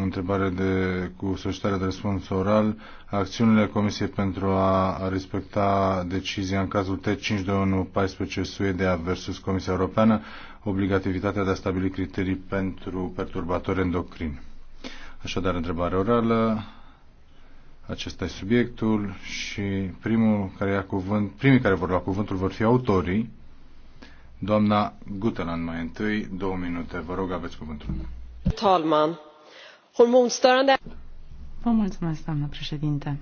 o întrebare de, cu solicitare de răspuns oral. Acțiunile Comisiei pentru a respecta decizia în cazul T52114 Suedia versus Comisia Europeană, obligativitatea de a stabili criterii pentru perturbatori endocrini. Așadar, întrebare orală. Acesta e subiectul și primul care ia cuvânt, primii care vor lua cuvântul vor fi autorii. Doamna Guteland mai întâi, două minute. Vă rog, aveți cuvântul. Talman. Vă mulțumesc, doamnă președinte.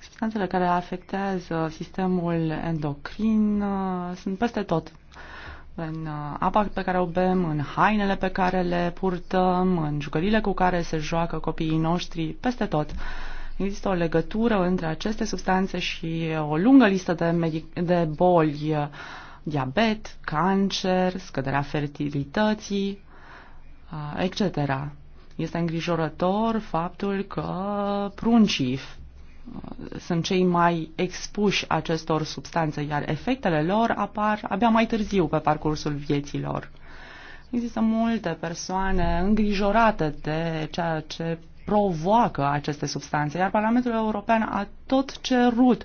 Substanțele care afectează sistemul endocrin uh, sunt peste tot. În uh, apa pe care o bem, în hainele pe care le purtăm, în jucările cu care se joacă copiii noștri, peste tot. Există o legătură între aceste substanțe și o lungă listă de, de boli, uh, diabet, cancer, scăderea fertilității, etc. Este îngrijorător faptul că pruncii uh, sunt cei mai expuși acestor substanțe, iar efectele lor apar abia mai târziu pe parcursul vieților. Există multe persoane îngrijorate de ceea ce provoacă aceste substanțe, iar Parlamentul European a tot cerut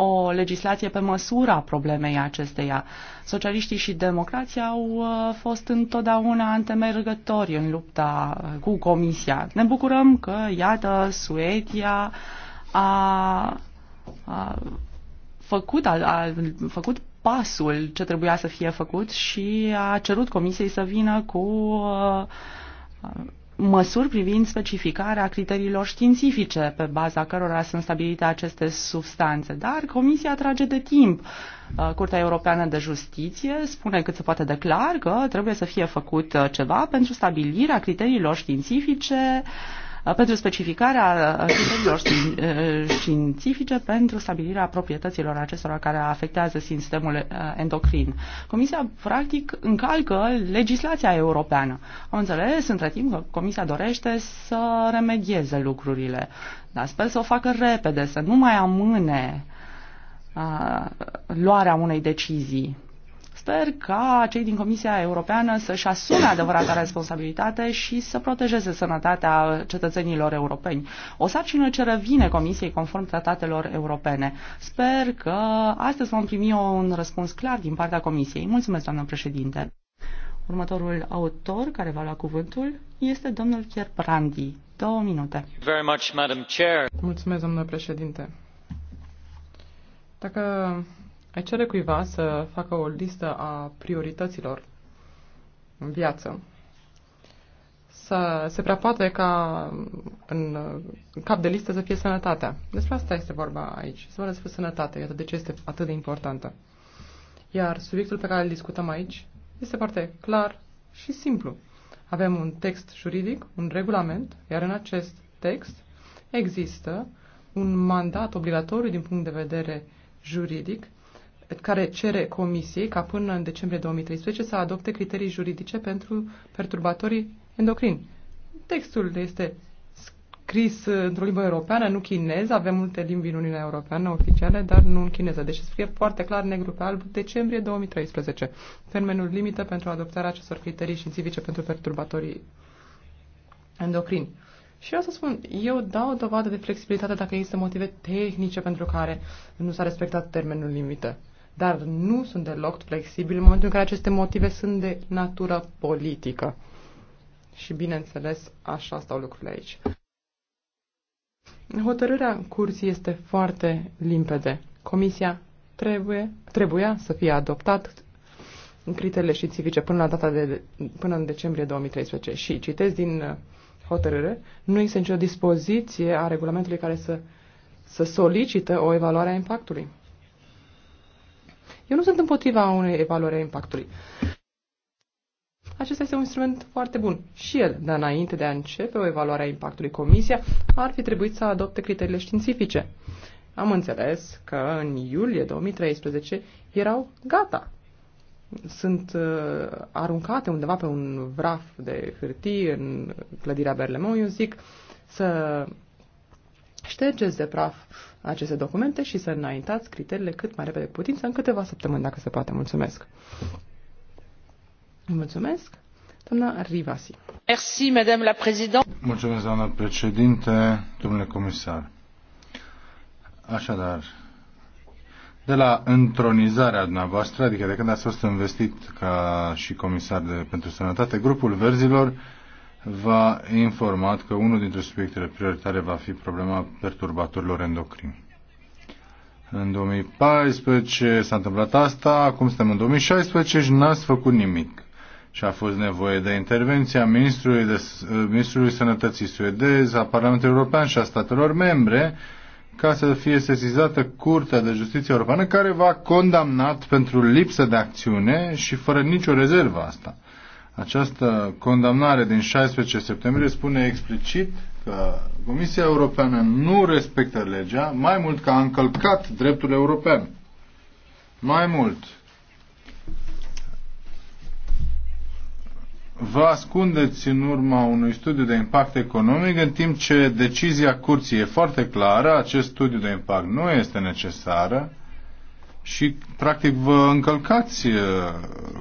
o legislație pe măsura problemei acesteia. Socialiștii și democrații au uh, fost întotdeauna antemergători în lupta uh, cu Comisia. Ne bucurăm că, iată, Suedia a, a făcut, a, a făcut pasul ce trebuia să fie făcut și a cerut Comisiei să vină cu uh, măsuri privind specificarea criteriilor științifice pe baza cărora sunt stabilite aceste substanțe. Dar Comisia trage de timp. Uh, Curtea Europeană de Justiție spune cât se poate de clar că trebuie să fie făcut uh, ceva pentru stabilirea criteriilor științifice uh, Uh, pentru specificarea uh, criteriilor uh, științifice pentru stabilirea proprietăților acestora care afectează sistemul endocrin. Comisia, practic, încalcă legislația europeană. Am înțeles, între timp, că Comisia dorește să remedieze lucrurile, dar sper să o facă repede, să nu mai amâne a, luarea unei decizii sper ca cei din Comisia Europeană să-și asume adevărata responsabilitate și să protejeze sănătatea cetățenilor europeni. O sarcină ce revine Comisiei conform tratatelor europene. Sper că astăzi vom primi un răspuns clar din partea Comisiei. Mulțumesc, doamnă președinte. Următorul autor care va lua cuvântul este domnul Pierre Brandi. Două minute. Very much, Madam Chair. Mulțumesc, domnule președinte. Dacă ai cere cuiva să facă o listă a priorităților în viață. Să se prea poate ca în cap de listă să fie sănătatea. Despre asta este vorba aici. Să vorbesc despre sănătate. Iată de ce este atât de importantă. Iar subiectul pe care îl discutăm aici este foarte clar și simplu. Avem un text juridic, un regulament, iar în acest text există un mandat obligatoriu din punct de vedere juridic care cere Comisiei ca până în decembrie 2013 să adopte criterii juridice pentru perturbatorii endocrini. Textul este scris într-o limbă europeană, nu chineză. Avem multe limbi în Uniunea Europeană oficiale, dar nu în chineză. Deci scrie foarte clar negru pe alb decembrie 2013. Termenul limită pentru adoptarea acestor criterii științifice pentru perturbatorii endocrini. Și eu să spun, eu dau dovadă de flexibilitate dacă există motive tehnice pentru care nu s-a respectat termenul limită dar nu sunt deloc flexibili în momentul în care aceste motive sunt de natură politică. Și bineînțeles, așa stau lucrurile aici. Hotărârea curții este foarte limpede. Comisia trebuie, trebuia să fie adoptat criteriile civice, până la data de până în decembrie 2013 și citesc din uh, hotărâre, nu există nicio dispoziție a regulamentului care să, să solicită o evaluare a impactului. Eu nu sunt împotriva unei evaluări a impactului. Acesta este un instrument foarte bun și el, dar înainte de a începe o evaluare a impactului, Comisia ar fi trebuit să adopte criteriile științifice. Am înțeles că în iulie 2013 erau gata. Sunt uh, aruncate undeva pe un vraf de hârtii în clădirea Berlemont. Eu zic să Ștergeți de praf aceste documente și să înaintați criteriile cât mai repede putință, în câteva săptămâni, dacă se poate. Mulțumesc! Mulțumesc! Doamna Rivasi. Merci, Madame la Présidente. Mulțumesc, doamna președinte, domnule comisar. Așadar, de la întronizarea dumneavoastră, adică de când ați fost investit ca și comisar de, pentru sănătate, grupul verzilor v-a informat că unul dintre subiectele prioritare va fi problema perturbatorilor endocrini. În 2014 s-a întâmplat asta, acum suntem în 2016 și n-ați făcut nimic. Și a fost nevoie de intervenția Ministrului, de, uh, Ministrului Sănătății suedez, a Parlamentului European și a statelor membre ca să fie sesizată Curtea de Justiție Europeană care v-a condamnat pentru lipsă de acțiune și fără nicio rezervă asta. Această condamnare din 16 septembrie spune explicit că Comisia Europeană nu respectă legea, mai mult că a încălcat dreptul european. Mai mult, vă ascundeți în urma unui studiu de impact economic, în timp ce decizia curții e foarte clară, acest studiu de impact nu este necesară, și practic vă încălcați uh,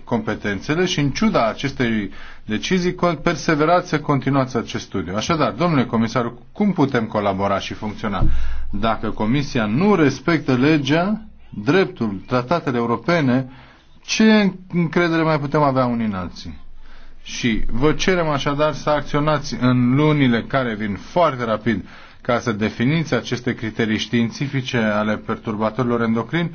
competențele și în ciuda acestei decizii perseverați să continuați acest studiu. Așadar, domnule comisar, cum putem colabora și funcționa dacă Comisia nu respectă legea, dreptul, tratatele europene, ce încredere mai putem avea unii în alții? Și vă cerem așadar să acționați în lunile care vin foarte rapid ca să definiți aceste criterii științifice ale perturbatorilor endocrini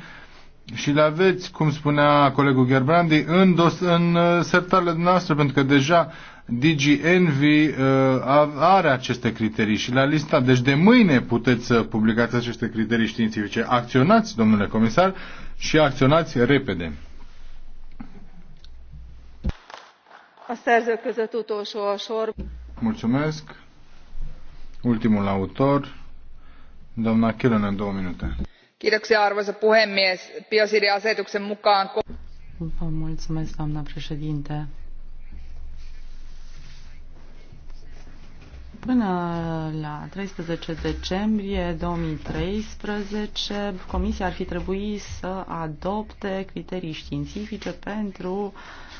și le aveți, cum spunea colegul Gerbrandi, în, dos, în uh, sertarele noastre, pentru că deja Digi Envy uh, are aceste criterii și la lista. Deci de mâine puteți să publicați aceste criterii științifice. Acționați, domnule comisar, și acționați repede. A Mulțumesc. Ultimul autor, doamna în două minute arvoisa puhemies biosidiasetuksen mukaan. președinte. Până la 13 decembrie 2013, Comisia ar fi trebuit să adopte criterii științifice pentru uh,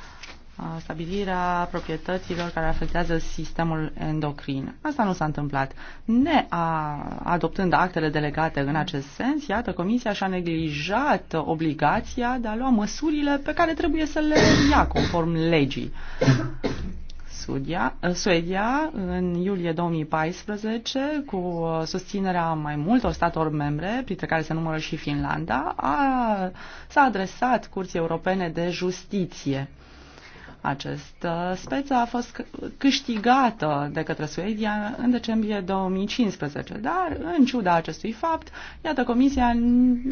stabilirea proprietăților care afectează sistemul endocrin. Asta nu s-a întâmplat. Ne a, adoptând actele delegate în acest sens, iată, Comisia și-a neglijat obligația de a lua măsurile pe care trebuie să le ia conform legii. Sudia, Suedia, în iulie 2014, cu susținerea mai multor statelor membre, printre care se numără și Finlanda, a, s-a adresat Curții Europene de Justiție această speță a fost câștigată de către Suedia în decembrie 2015, dar în ciuda acestui fapt, iată, Comisia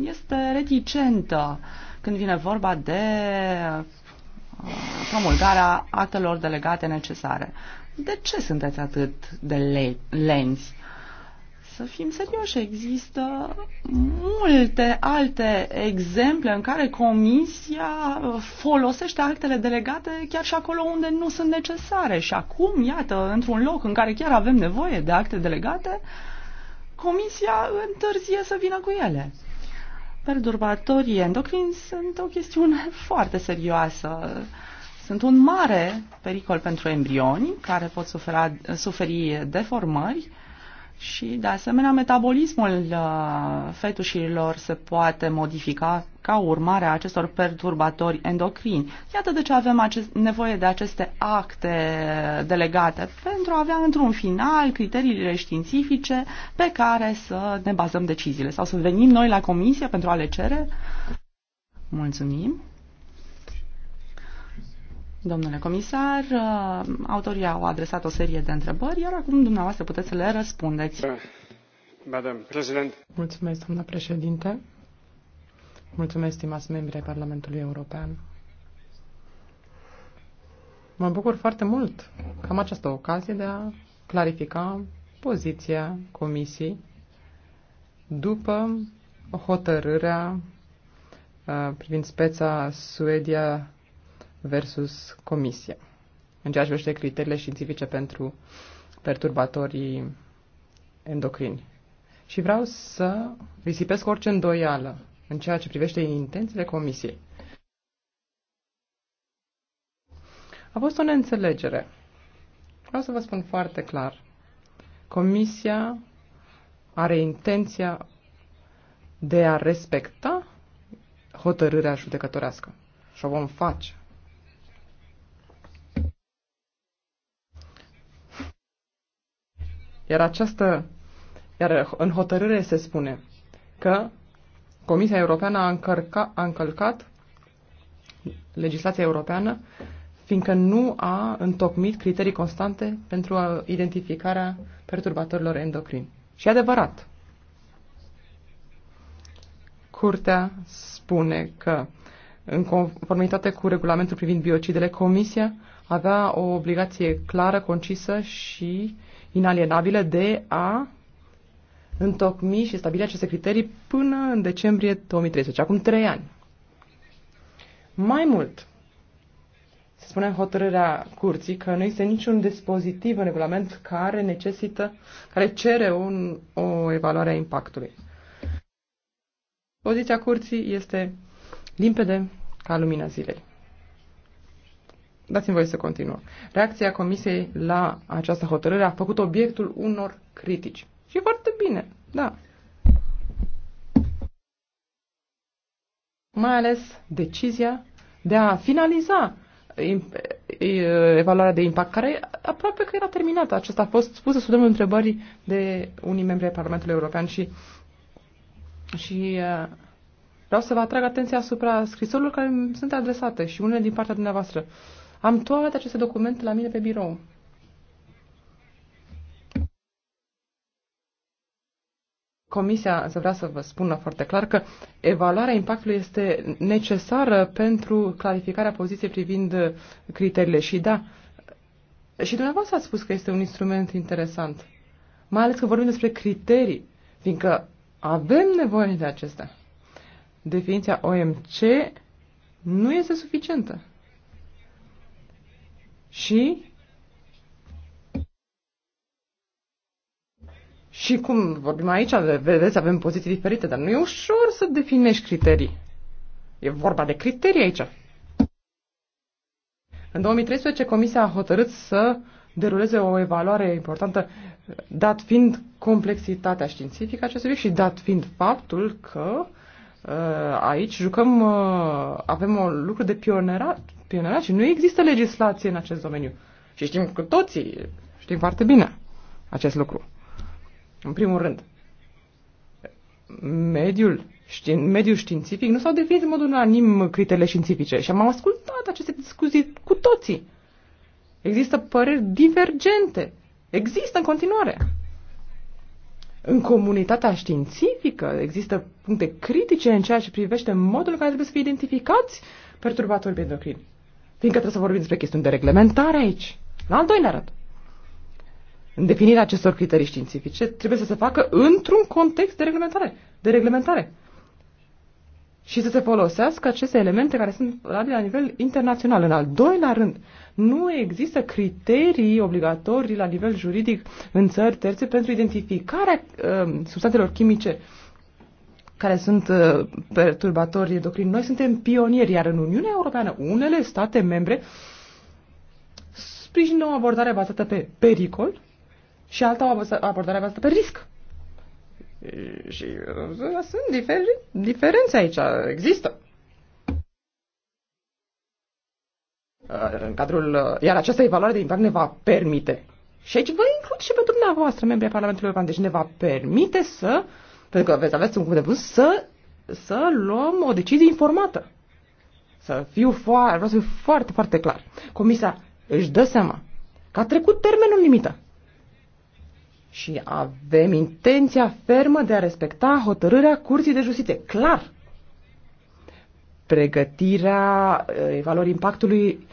este reticentă când vine vorba de uh, promulgarea actelor delegate necesare. De ce sunteți atât de lenți? Să fim serioși, există multe alte exemple în care Comisia folosește actele delegate chiar și acolo unde nu sunt necesare. Și acum, iată, într-un loc în care chiar avem nevoie de acte delegate, Comisia întârzie să vină cu ele. Perturbatorii endocrini sunt o chestiune foarte serioasă. Sunt un mare pericol pentru embrioni care pot sufera, suferi deformări și, de asemenea, metabolismul uh, fetușilor se poate modifica ca urmare a acestor perturbatori endocrini. Iată de ce avem acest, nevoie de aceste acte delegate pentru a avea, într-un final, criteriile științifice pe care să ne bazăm deciziile sau să venim noi la comisie pentru a le cere. Mulțumim. Domnule comisar, uh, autorii au adresat o serie de întrebări, iar acum dumneavoastră puteți să le răspundeți. Uh, Mulțumesc, doamna președinte. Mulțumesc, stimați membri ai Parlamentului European. Mă bucur foarte mult că am această ocazie de a clarifica poziția Comisiei după hotărârea uh, privind speța Suedia versus comisie. În ceea ce privește criteriile științifice pentru perturbatorii endocrini. Și vreau să risipesc orice îndoială în ceea ce privește intențiile comisiei. A fost o neînțelegere. Vreau să vă spun foarte clar. Comisia are intenția de a respecta hotărârea judecătorească. Și o vom face. Iar această, iar în hotărâre se spune că Comisia Europeană a, încărca, a încălcat legislația europeană fiindcă nu a întocmit criterii constante pentru a identificarea perturbatorilor endocrini. Și adevărat, Curtea spune că, în conformitate cu regulamentul privind biocidele, Comisia avea o obligație clară, concisă și uh, inalienabile de a întocmi și stabili aceste criterii până în decembrie 2013, acum trei ani. Mai mult, se spune în hotărârea curții că nu este niciun dispozitiv în regulament care necesită, care cere un, o evaluare a impactului. Poziția curții este limpede ca lumina zilei. Dați-mi voie să continuă. Reacția Comisiei la această hotărâre a făcut obiectul unor critici. Și foarte bine, da. Mai ales decizia de a finaliza eh, eh, evaluarea de impact, care aproape că era terminată. Acesta a fost spusă sub domnul întrebării de unii membri ai Parlamentului European și, și eh, vreau să vă atrag atenția asupra scrisorilor care sunt adresate și unele din partea dumneavoastră. Am toate aceste documente la mine pe birou. Comisia, să vreau să vă spună foarte clar că evaluarea impactului este necesară pentru clarificarea poziției privind criteriile. Și da, și dumneavoastră ați spus că este un instrument interesant, mai ales că vorbim despre criterii, fiindcă avem nevoie de acestea. Definiția OMC nu este suficientă. Și? Și cum vorbim aici, vedeți, avem poziții diferite, dar nu e ușor să definești criterii. E vorba de criterii aici. În 2013, Comisia a hotărât să deruleze o evaluare importantă, dat fiind complexitatea științifică acestui și dat fiind faptul că uh, aici jucăm, uh, avem un lucru de pionerat, pionierat și nu există legislație în acest domeniu. Și știm cu toții, știm foarte bine acest lucru. În primul rând, mediul, ști, mediul științific nu s-au definit în mod unanim criteriile științifice și am ascultat aceste discuții cu toții. Există păreri divergente. Există în continuare. În comunitatea științifică există puncte critice în ceea ce privește modul în care trebuie să fie identificați perturbatorii endocrini. Fiindcă trebuie să vorbim despre chestiuni de reglementare aici. La al doilea rând. În definirea acestor criterii științifice trebuie să se facă într-un context de reglementare. De reglementare. Și să se folosească aceste elemente care sunt valabile la nivel internațional. În al doilea rând, nu există criterii obligatorii la nivel juridic în țări terțe pentru identificarea uh, substanțelor chimice uh, care sunt uh, perturbatorii endocrini. Noi suntem pionieri, iar în Uniunea Europeană unele state membre sprijină o abordare bazată pe pericol și alta o abordare bazată pe risc. Și uh, sunt difer- diferențe aici, există. Uh, în cadrul, uh, iar această evaluare de impact ne va permite și aici vă includ și pe dumneavoastră, membrii Parlamentului European, deci ne va permite să uh, pentru că veți aveți un cuvânt de vânt, să, să luăm o decizie informată. Să fiu foarte, vreau să fiu foarte, foarte clar. Comisia își dă seama că a trecut termenul limită și avem intenția fermă de a respecta hotărârea Curții de Justiție. Clar! Pregătirea eh, evaluării impactului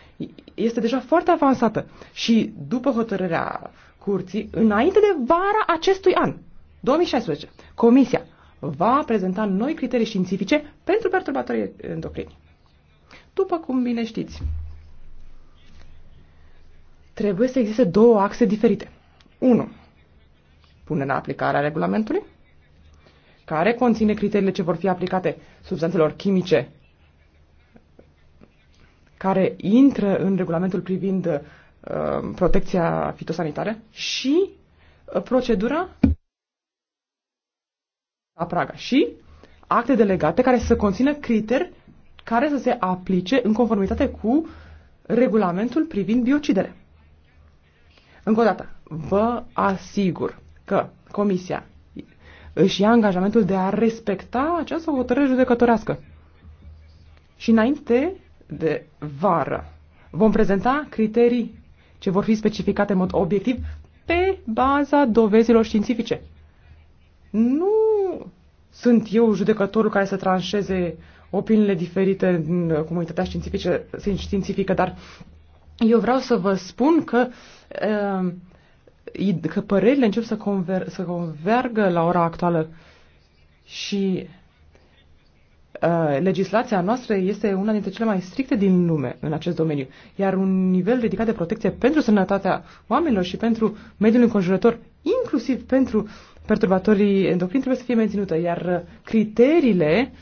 este deja foarte avansată și după hotărârea Curții, înainte de vara acestui an, 2016. Comisia va prezenta noi criterii științifice pentru perturbatorii endocrini. După cum bine știți, trebuie să existe două axe diferite. 1. Punerea în aplicare a regulamentului, care conține criteriile ce vor fi aplicate substanțelor chimice care intră în regulamentul privind uh, protecția fitosanitară și uh, procedura la Praga și acte delegate care să conțină criteri care să se aplice în conformitate cu regulamentul privind biocidele. Încă o dată, vă asigur că Comisia își ia angajamentul de a respecta această hotărâre judecătorească. Și înainte de vară vom prezenta criterii ce vor fi specificate în mod obiectiv pe baza dovezilor științifice nu sunt eu judecătorul care să tranșeze opiniile diferite în comunitatea științifică, științifică dar eu vreau să vă spun că, ehm, că părerile încep să, conver, să convergă la ora actuală și ehm, legislația noastră este una dintre cele mai stricte din lume în acest domeniu, iar un nivel ridicat de protecție pentru sănătatea oamenilor și pentru mediul înconjurător, inclusiv pentru perturbatorii endocrini trebuie să fie menținută, iar criteriile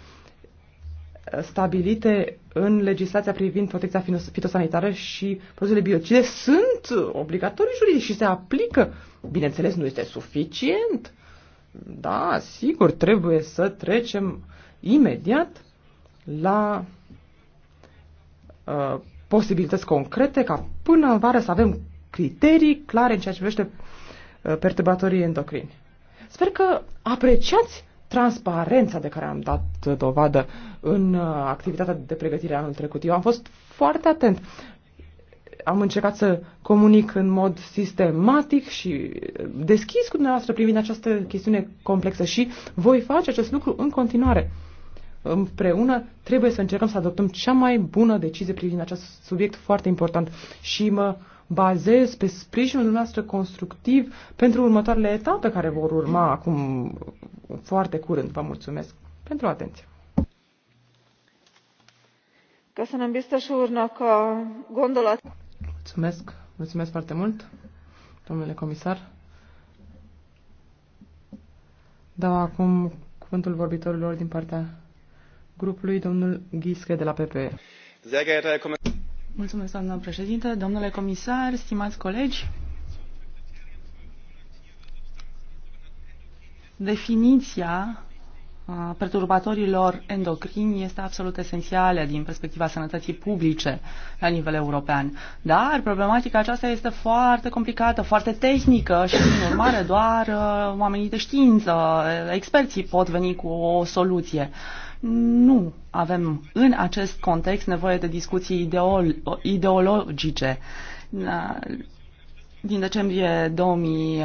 stabilite în legislația privind protecția fitosanitară și produsele biocide sunt obligatorii juridic și se aplică. Bineînțeles, nu este suficient. Da, sigur, trebuie să trecem imediat la uh, posibilități concrete ca până în vară să avem criterii clare în ceea ce privește uh, perturbatorii endocrini. Sper că apreciați transparența de care am dat dovadă în uh, activitatea de pregătire anul trecut. Eu am fost foarte atent. Am încercat să comunic în mod sistematic și uh, deschis cu dumneavoastră privind această chestiune complexă și voi face acest lucru în continuare. Împreună trebuie să încercăm să adoptăm cea mai bună decizie privind acest subiect foarte important și mă uh, bazez pe sprijinul dumneavoastră constructiv pentru următoarele etape care vor urma acum foarte curând. Vă mulțumesc pentru atenție. Köszönöm biztos úrnak a gondolat. Mulțumesc, mulțumesc foarte mult, domnule comisar. Dau acum cuvântul vorbitorilor din partea grupului, domnul Ghische de la PPE. Mulțumesc, doamnă președintă, domnule comisar, stimați colegi. Definiția perturbatorilor endocrini este absolut esențială din perspectiva sănătății publice la nivel european. Dar problematica aceasta este foarte complicată, foarte tehnică și, în urmare, doar oamenii de știință, experții pot veni cu o soluție. Uh, nu avem în acest context nevoie de discuții ideolo- ideologice. Din decembrie 2000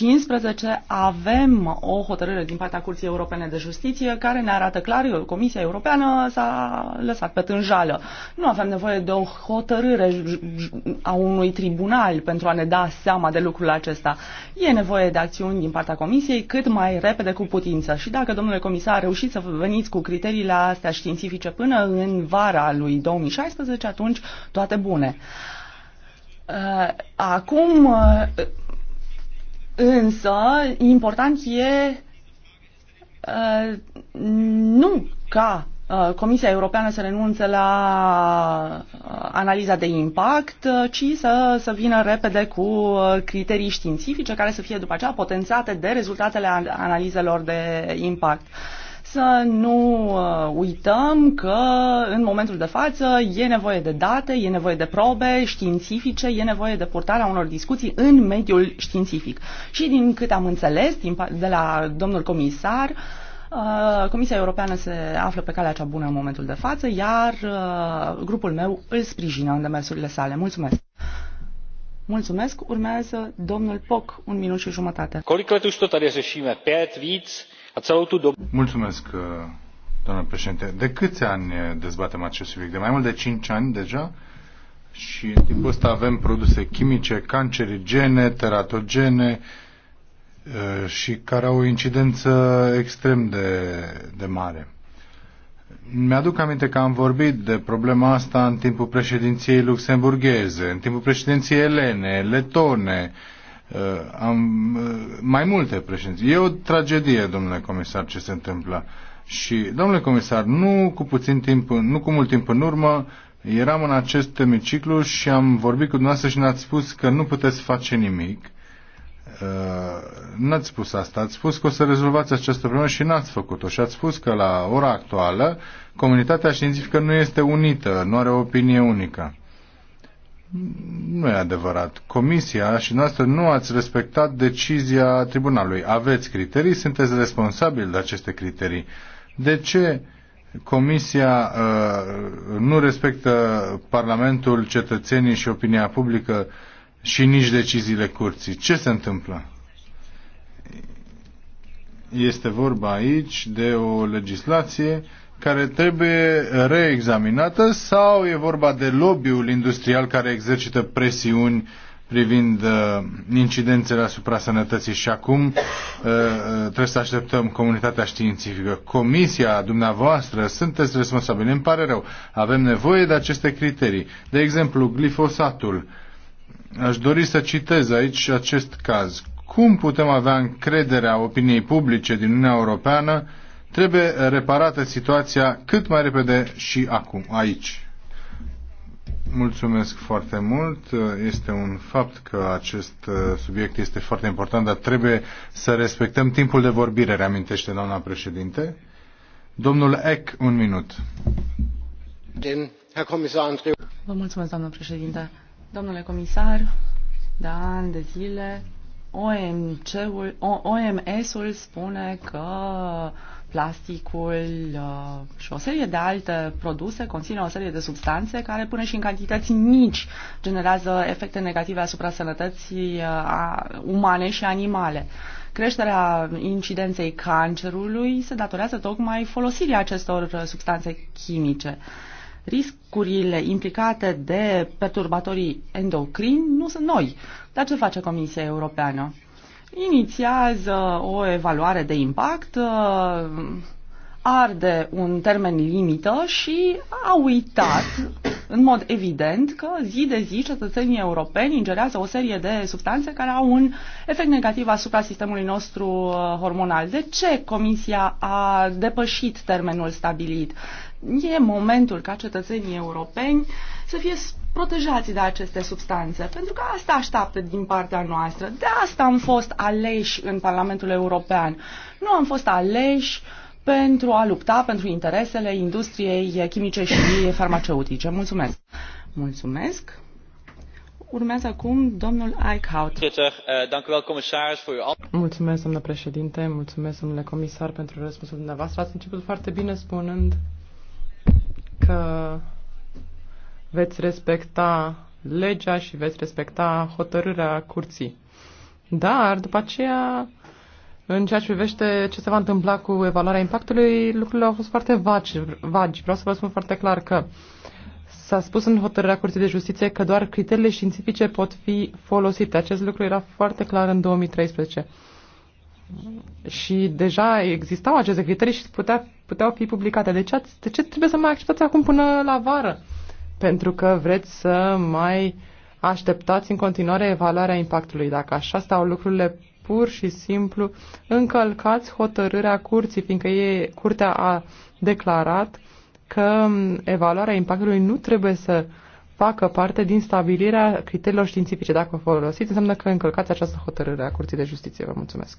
2015 avem o hotărâre din partea Curții Europene de Justiție care ne arată clar, că Comisia Europeană s-a lăsat pe tânjală. Nu avem nevoie de o hotărâre a unui tribunal pentru a ne da seama de lucrul acesta. E nevoie de acțiuni din partea Comisiei cât mai repede cu putință. Și dacă, domnule comisar, reușiți să veniți cu criteriile astea științifice până în vara lui 2016, atunci toate bune. Uh, acum uh, Însă, important e uh, nu ca uh, Comisia Europeană să renunțe la uh, analiza de impact, uh, ci să, să vină repede cu criterii științifice care să fie după aceea potențate de rezultatele analizelor de impact. Uh, să nu uh, uităm că în momentul de față e nevoie de date, e nevoie de probe științifice, e nevoie de purtarea unor discuții în mediul științific. Și din câte am înțeles din, de la domnul comisar, uh, Comisia Europeană se află pe calea cea bună în momentul de față, iar uh, grupul meu îl sprijină în demersurile sale. Mulțumesc! Mulțumesc. Urmează domnul Poc, un minut și jumătate. Kolik și tot to tady řešíme? Mulțumesc, uh, doamnă președinte. De câți ani uh, dezbatem acest subiect? De mai mult de 5 ani deja? Și în timpul ăsta avem produse chimice, cancerigene, teratogene uh, și care au o incidență extrem de, de mare. Mi-aduc aminte că am vorbit de problema asta în timpul președinției luxemburgheze, în timpul președinției elene, letone, uh, Uh, am, uh, mai multe președinții. E o tragedie, domnule comisar, ce se întâmplă. Și, domnule comisar, nu cu puțin timp, nu cu mult timp în urmă, eram în acest hemiciclu și am vorbit cu dumneavoastră și ne-ați spus că nu puteți face nimic. Uh, n-ați spus asta, ați spus că o să rezolvați această problemă și n-ați făcut-o. Și ați spus că la ora actuală comunitatea științifică nu este unită, nu are o opinie unică nu e adevărat. Comisia și noastră nu ați respectat decizia tribunalului. Aveți criterii, sunteți responsabili de aceste criterii. De ce Comisia uh, nu respectă Parlamentul, cetățenii și opinia publică și nici deciziile curții? Ce se întâmplă? Este vorba aici de o legislație uh, care trebuie reexaminată sau e vorba de lobby-ul industrial care exercită presiuni privind uh, incidențele asupra sănătății și acum uh, uh, trebuie să așteptăm comunitatea științifică. Comisia dumneavoastră, sunteți responsabili, îmi pare rău. Avem nevoie de aceste criterii. De exemplu, glifosatul. Aș dori să citez aici acest caz. Cum putem avea încrederea opiniei publice din Uniunea Europeană uh, Trebuie reparată situația cât mai repede și acum, aici. Mulțumesc foarte mult. Este un fapt că acest uh, subiect este foarte important, dar trebuie să respectăm timpul de vorbire, reamintește doamna președinte. Domnul Eck, un minut. Vă mulțumesc, doamnă președinte. Domnule comisar, de da, ani de zile, OMS-ul spune că uh, Plasticul uh, și o serie de alte produse conțin o serie de substanțe care până și în cantități mici generează efecte negative asupra sănătății uh, umane și animale. Creșterea incidenței cancerului se datorează tocmai folosirii acestor uh, substanțe chimice riscurile implicate de perturbatorii endocrini nu sunt noi. Dar ce face Comisia Europeană? inițiază o evaluare de impact, uh, arde un termen limită și a uitat, în mod evident, că zi de zi cetățenii europeni ingerează o serie de substanțe care au un efect negativ asupra sistemului nostru uh, hormonal. De ce Comisia a depășit termenul stabilit? E momentul ca cetățenii europeni să fie protejați de aceste substanțe, pentru că asta așteaptă din partea noastră. De asta am fost aleși în Parlamentul European. Nu am fost aleși pentru a lupta pentru interesele industriei chimice și farmaceutice. Mulțumesc! Mulțumesc! Urmează acum domnul Eichhout. Mulțumesc, domnule președinte, mulțumesc, domnule comisar, pentru răspunsul dumneavoastră. Ați început foarte bine spunând că veți respecta legea și veți respecta hotărârea curții. Dar, după aceea, în ceea ce privește ce se va întâmpla cu evaluarea impactului, lucrurile au fost foarte vagi. vagi. Vreau să vă spun foarte clar că s-a spus în hotărârea Curții de Justiție că doar criteriile științifice pot fi folosite. Acest lucru era foarte clar în 2013 și deja existau aceste criterii și putea, puteau fi publicate. De deci, ce, de ce trebuie să mai acceptați acum până la vară? Pentru că vreți să mai așteptați în continuare evaluarea impactului. Dacă așa stau lucrurile, pur și simplu încălcați hotărârea curții, fiindcă e, curtea a declarat că evaluarea impactului nu trebuie să facă parte din stabilirea criteriilor științifice. Dacă o folosiți, înseamnă că încălcați această hotărâre a Curții de Justiție. Vă mulțumesc.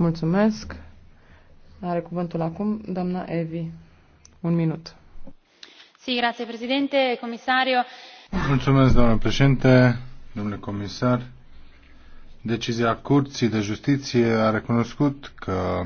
Mulțumesc. Are cuvântul acum doamna Evi. Un minut. Si, grazie, presidente, comisario. Mulțumesc, doamnă președinte, domnule comisar. Decizia Curții de Justiție a recunoscut că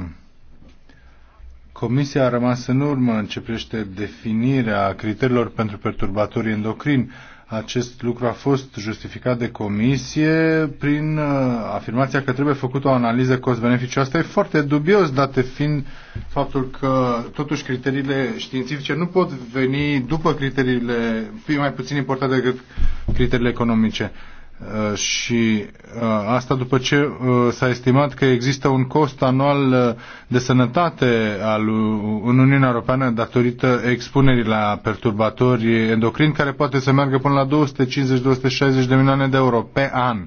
Comisia a rămas în urmă în ce privește definirea criteriilor pentru perturbatorii endocrini, acest lucru a fost justificat de comisie prin uh, afirmația că trebuie făcut o analiză cost-beneficiu. Asta e foarte dubios, date fiind faptul că totuși criteriile științifice nu pot veni după criteriile mai puțin importante decât criteriile economice. Uh, și uh, asta după ce uh, s-a estimat că există un cost anual de sănătate al, în Uniunea Europeană datorită expunerii la perturbatori endocrini care poate să meargă până la 250-260 de milioane de euro pe an.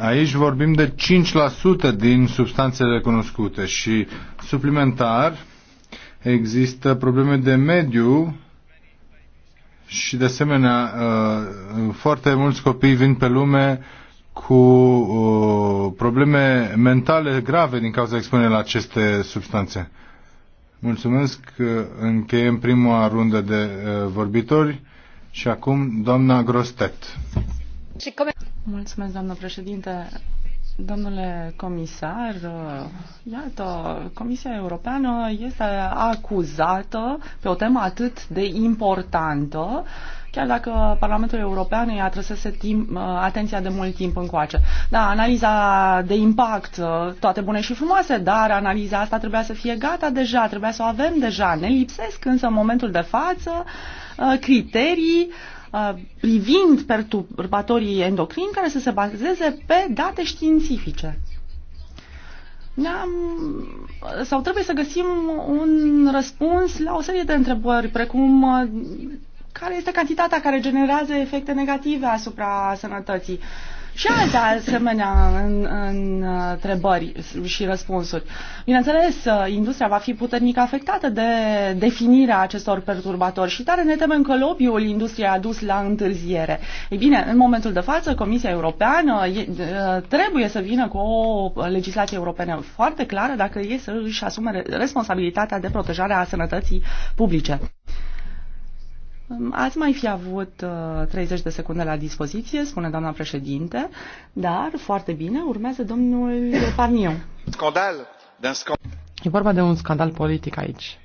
Aici vorbim de 5% din substanțele cunoscute și suplimentar există probleme de mediu și de asemenea uh, foarte mulți copii vin pe lume cu uh, probleme mentale grave din cauza expunerii la aceste substanțe. Mulțumesc. că uh, Încheiem prima rundă de vorbitori și acum doamna Grostet. Mulțumesc, doamnă președinte. Domnule comisar, iată, Comisia Europeană este acuzată pe o temă atât de importantă, chiar dacă Parlamentul European îi atrăsese timp, atenția de mult timp încoace. Da, analiza de impact, toate bune și frumoase, dar analiza asta trebuia să fie gata deja, trebuia să o avem deja. Ne lipsesc însă în momentul de față uh, criterii uh, Uh, privind perturbatorii endocrini care să se bazeze pe date științifice. Ne-am, sau trebuie să găsim un răspuns la o serie de întrebări, precum uh, care este cantitatea care generează efecte negative asupra sănătății. Uh, și alte asemenea în, în uh, întrebări și răspunsuri. Bineînțeles, uh, industria va fi puternic afectată de definirea acestor perturbatori și tare ne temem că lobby-ul industriei a dus la întârziere. Ei bine, în momentul de față, Comisia Europeană uh, trebuie să vină cu o legislație europeană foarte clară dacă e să își asume responsabilitatea de protejare a sănătății publice. Ați mai fi avut 30 uh, de secunde la dispoziție, spune doamna președinte, dar foarte bine, urmează domnul Parniu. Scandal, scandal. E vorba de un scandal politic aici.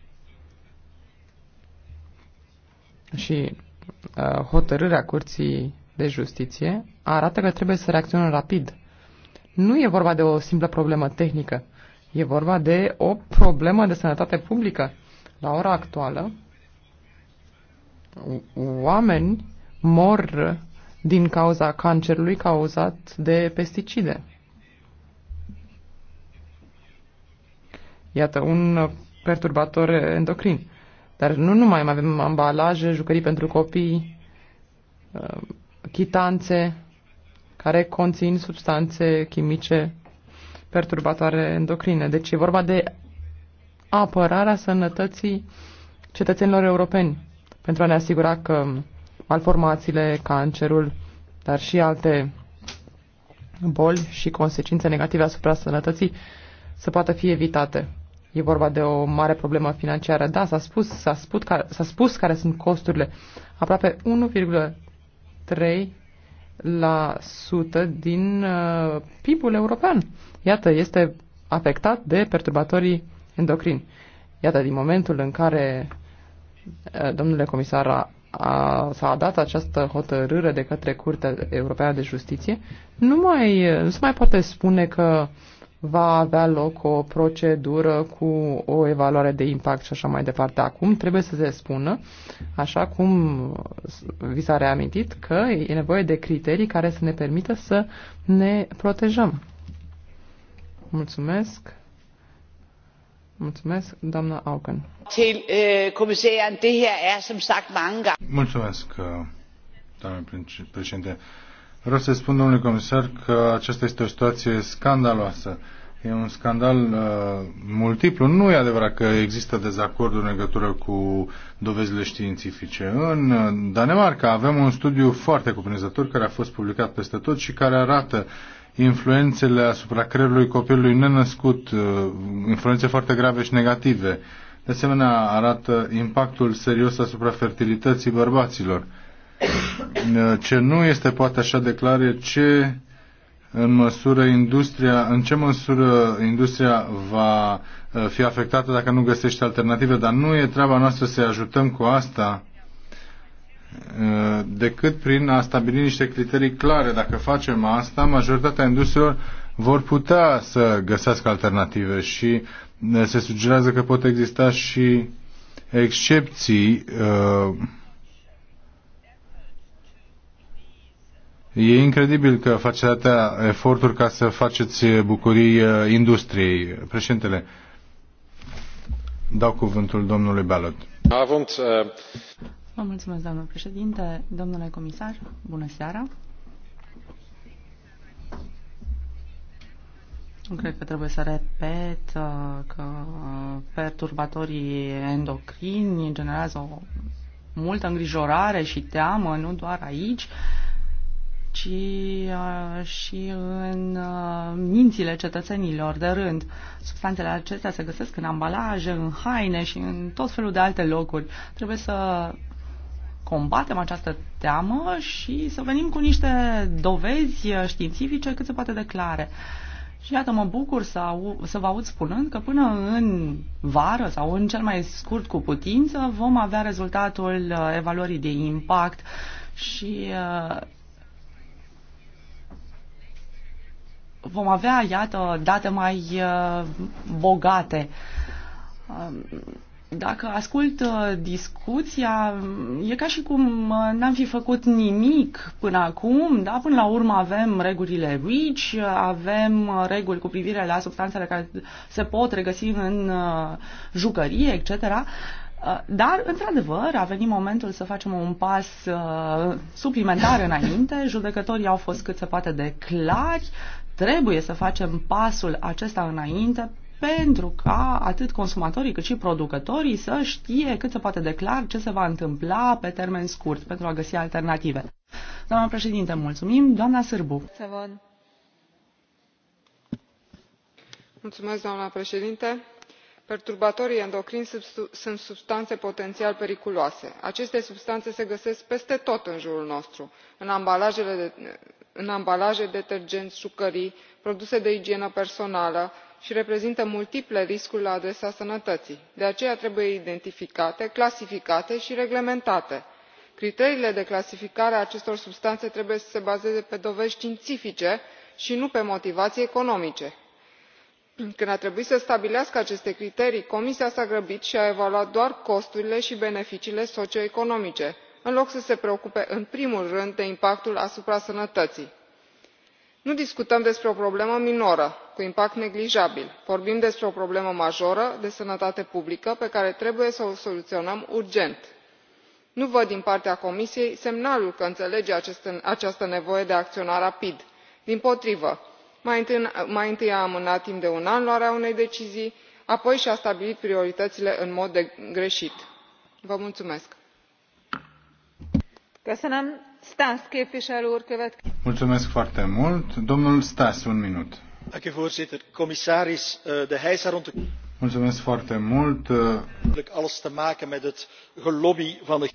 Și uh, hotărârea Curții de Justiție arată că trebuie să reacționăm rapid. Nu e vorba de o simplă problemă tehnică, e vorba de o problemă de sănătate publică. La ora actuală, oameni mor din cauza cancerului cauzat de pesticide. Iată, un perturbator endocrin. Dar nu numai, mai avem ambalaje, jucării pentru copii, uh, chitanțe care conțin substanțe chimice perturbatoare endocrine. Deci e vorba de apărarea sănătății cetățenilor europeni pentru a ne asigura că malformațiile, cancerul, dar și alte boli și consecințe negative asupra sănătății să poată fi evitate. E vorba de o mare problemă financiară. Da, s-a spus, s-a spus, care, s-a spus care sunt costurile. Aproape 1,3 la sută din uh, PIB-ul european. Iată, este afectat de perturbatorii endocrini. Iată, din momentul în care domnule comisar, a, a, s-a dat această hotărâre de către Curtea Europeană de Justiție, nu, mai, nu se mai poate spune că va avea loc o procedură cu o evaluare de impact și așa mai departe. Acum trebuie să se spună, așa cum vi s-a reamintit, că e nevoie de criterii care să ne permită să ne protejăm. Mulțumesc. Mulțumesc, doamna Auken. Til comisaren, øh, det her er som sagt mange gange. Mulțumesc, uh, președinte. Vreau să spun, domnule comisar, că aceasta este o situație scandaloasă. E un scandal uh, multiplu. Nu e adevărat că există dezacorduri în legătură cu dovezile științifice. În uh, Danemarca avem un studiu foarte cuprinzător care a fost publicat peste tot și care arată uh, influențele asupra creierului copilului nenăscut, uh, influențe foarte grave și negative. De asemenea, arată impactul serios asupra fertilității bărbaților. Uh, ce nu este poate așa de clar e ce în măsură industria, în ce măsură industria va uh, fi afectată dacă nu găsește alternative, dar nu e treaba noastră să ajutăm cu asta Eh, decât prin a stabili niște criterii clare. Dacă facem asta, majoritatea industriilor vor putea să găsească alternative și eh, se sugerează că pot exista și excepții. Eh, e incredibil că faceți atâtea eforturi ca să faceți bucurii industriei. Președintele, dau cuvântul domnului Balot. Vă mulțumesc, doamnă președinte, domnule comisar, bună seara. Nu cred că trebuie să repet uh, că perturbatorii endocrini generează o multă îngrijorare și teamă, nu doar aici, ci uh, și în uh, mințile cetățenilor de rând. Substanțele acestea se găsesc în ambalaje, în haine și în tot felul de alte locuri. Trebuie să combatem această teamă și să venim cu niște dovezi științifice cât se poate declare. Și iată, mă bucur să, au, să vă aud spunând că până în vară sau în cel mai scurt cu putință vom avea rezultatul uh, evaluării de impact și uh, vom avea, iată, date mai uh, bogate. Um, dacă ascult uh, discuția, mm, e ca și cum uh, n-am fi făcut nimic până acum, da? Până la urmă avem regulile REACH, avem uh, reguli cu privire la substanțele care se pot regăsi în jucărie, etc. Dar, într-adevăr, a venit momentul să facem un pas uh, suplimentar înainte. Judecătorii au fost cât se poate de clari. Trebuie să facem pasul acesta înainte pentru ca atât consumatorii cât și producătorii să știe cât se poate declar ce se va întâmpla pe termen scurt pentru a găsi alternative. Doamna președinte, mulțumim. Doamna Sârbu. Mulțumesc, doamna președinte perturbatorii endocrini sunt substanțe potențial periculoase. aceste substanțe se găsesc peste tot în jurul nostru în, de, în ambalaje detergenți jucării produse de igienă personală și reprezintă multiple riscuri la adresa sănătății de aceea trebuie identificate clasificate și reglementate. criteriile de clasificare a acestor substanțe trebuie să se bazeze pe dovezi științifice și nu pe motivații economice. când a trebuit să stabilească aceste criterii comisia s a grăbit și a evaluat doar costurile și beneficiile socioeconomice în loc să se preocupe în primul rând de impactul asupra sănătății nu discutăm despre o problemă minoră cu impact neglijabil vorbim despre o problemă majoră de sănătate publică pe care trebuie să o soluționăm urgent. nu văd din partea comisiei semnalul că înțelege această nevoie de a acționa rapid dimpotrivă mai întâi a amânat timp de un an luarea unei decizii apoi și a stabilit prioritățile în mod greșit. vă mulțumesc. Mulțumesc foarte mult. Domnul Stas, un minut. voorzitter. Commissaris, eh, de heisa rond de... Mulțumesc foarte mult. Eh. Alles te maken met het gelobby van de...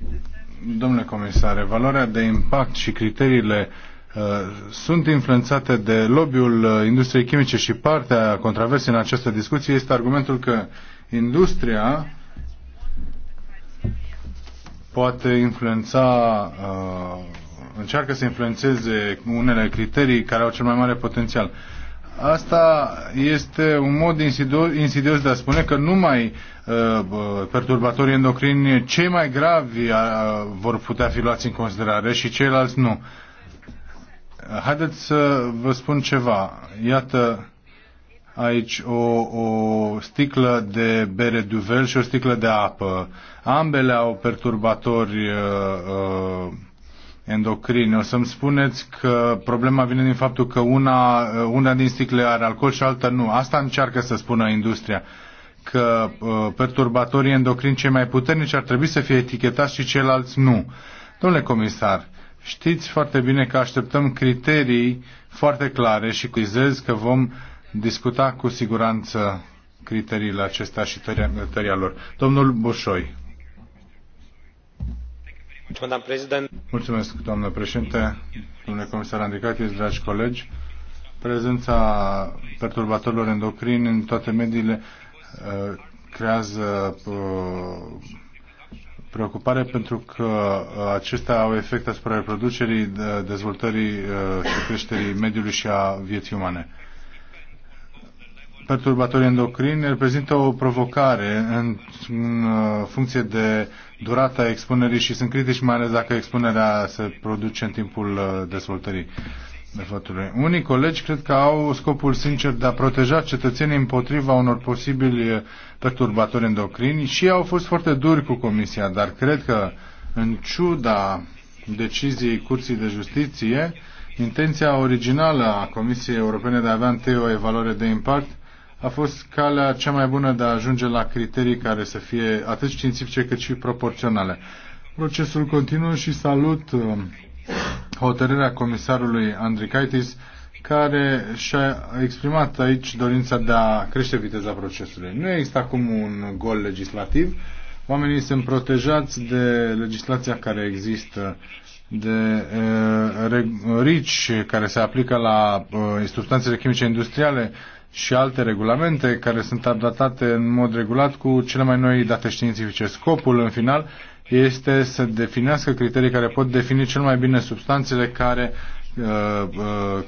Domnule comisar, valoarea de impact și criteriile eh, sunt influențate de lobby-ul industriei chimice și partea controversei în această discuție este argumentul că industria poate influența, uh, încearcă să influențeze unele criterii care au cel mai mare potențial. Asta este un mod insidios de a spune că numai uh, perturbatorii endocrini cei mai gravi uh, vor putea fi luați în considerare și ceilalți nu. Haideți să vă spun ceva. Iată, aici o, o sticlă de bere duvel și o sticlă de apă. Ambele au perturbatori uh, uh, endocrini. O să-mi spuneți că problema vine din faptul că una, uh, una din sticle are alcool și alta nu. Asta încearcă să spună industria că uh, perturbatorii endocrini cei mai puternici ar trebui să fie etichetați și ceilalți nu. Domnule comisar, știți foarte bine că așteptăm criterii foarte clare și cuizez că vom uh, discuta cu siguranță criteriile acestea și tăria, lor. Domnul Bușoi. Mulțumesc, doamnă președinte, domnule comisar Andricatis, dragi colegi. Prezența perturbatorilor endocrini în toate mediile uh, creează uh, preocupare pentru că uh, acestea au efect asupra reproducerii, dezvoltării și creșterii mediului și a vieții umane perturbatorii endocrini reprezintă o provocare în, în uh, funcție de durata expunerii și sunt critici mai ales dacă expunerea se produce în timpul uh, dezvoltării efortului. Unii colegi cred că au scopul sincer de a proteja cetățenii împotriva unor posibili uh, perturbatori endocrini și au fost foarte duri cu Comisia, dar cred că în ciuda deciziei Curții de Justiție, intenția originală a Comisiei Europene de a avea întâi o evaluare de impact a fost calea cea mai bună de a ajunge la criterii care să fie atât științifice cât și proporționale. Procesul continuă și salut uh, hotărârea comisarului Andricaitis care și-a exprimat aici dorința de a crește viteza procesului. Nu există acum un gol legislativ. Oamenii sunt protejați de legislația care există, de uh, uh rici care se aplică la uh, substanțele chimice industriale, uh, și alte regulamente care sunt adaptate în mod regulat cu cele mai noi date științifice. Scopul, în final, este să definească criterii care pot defini cel mai bine substanțele care uh, uh,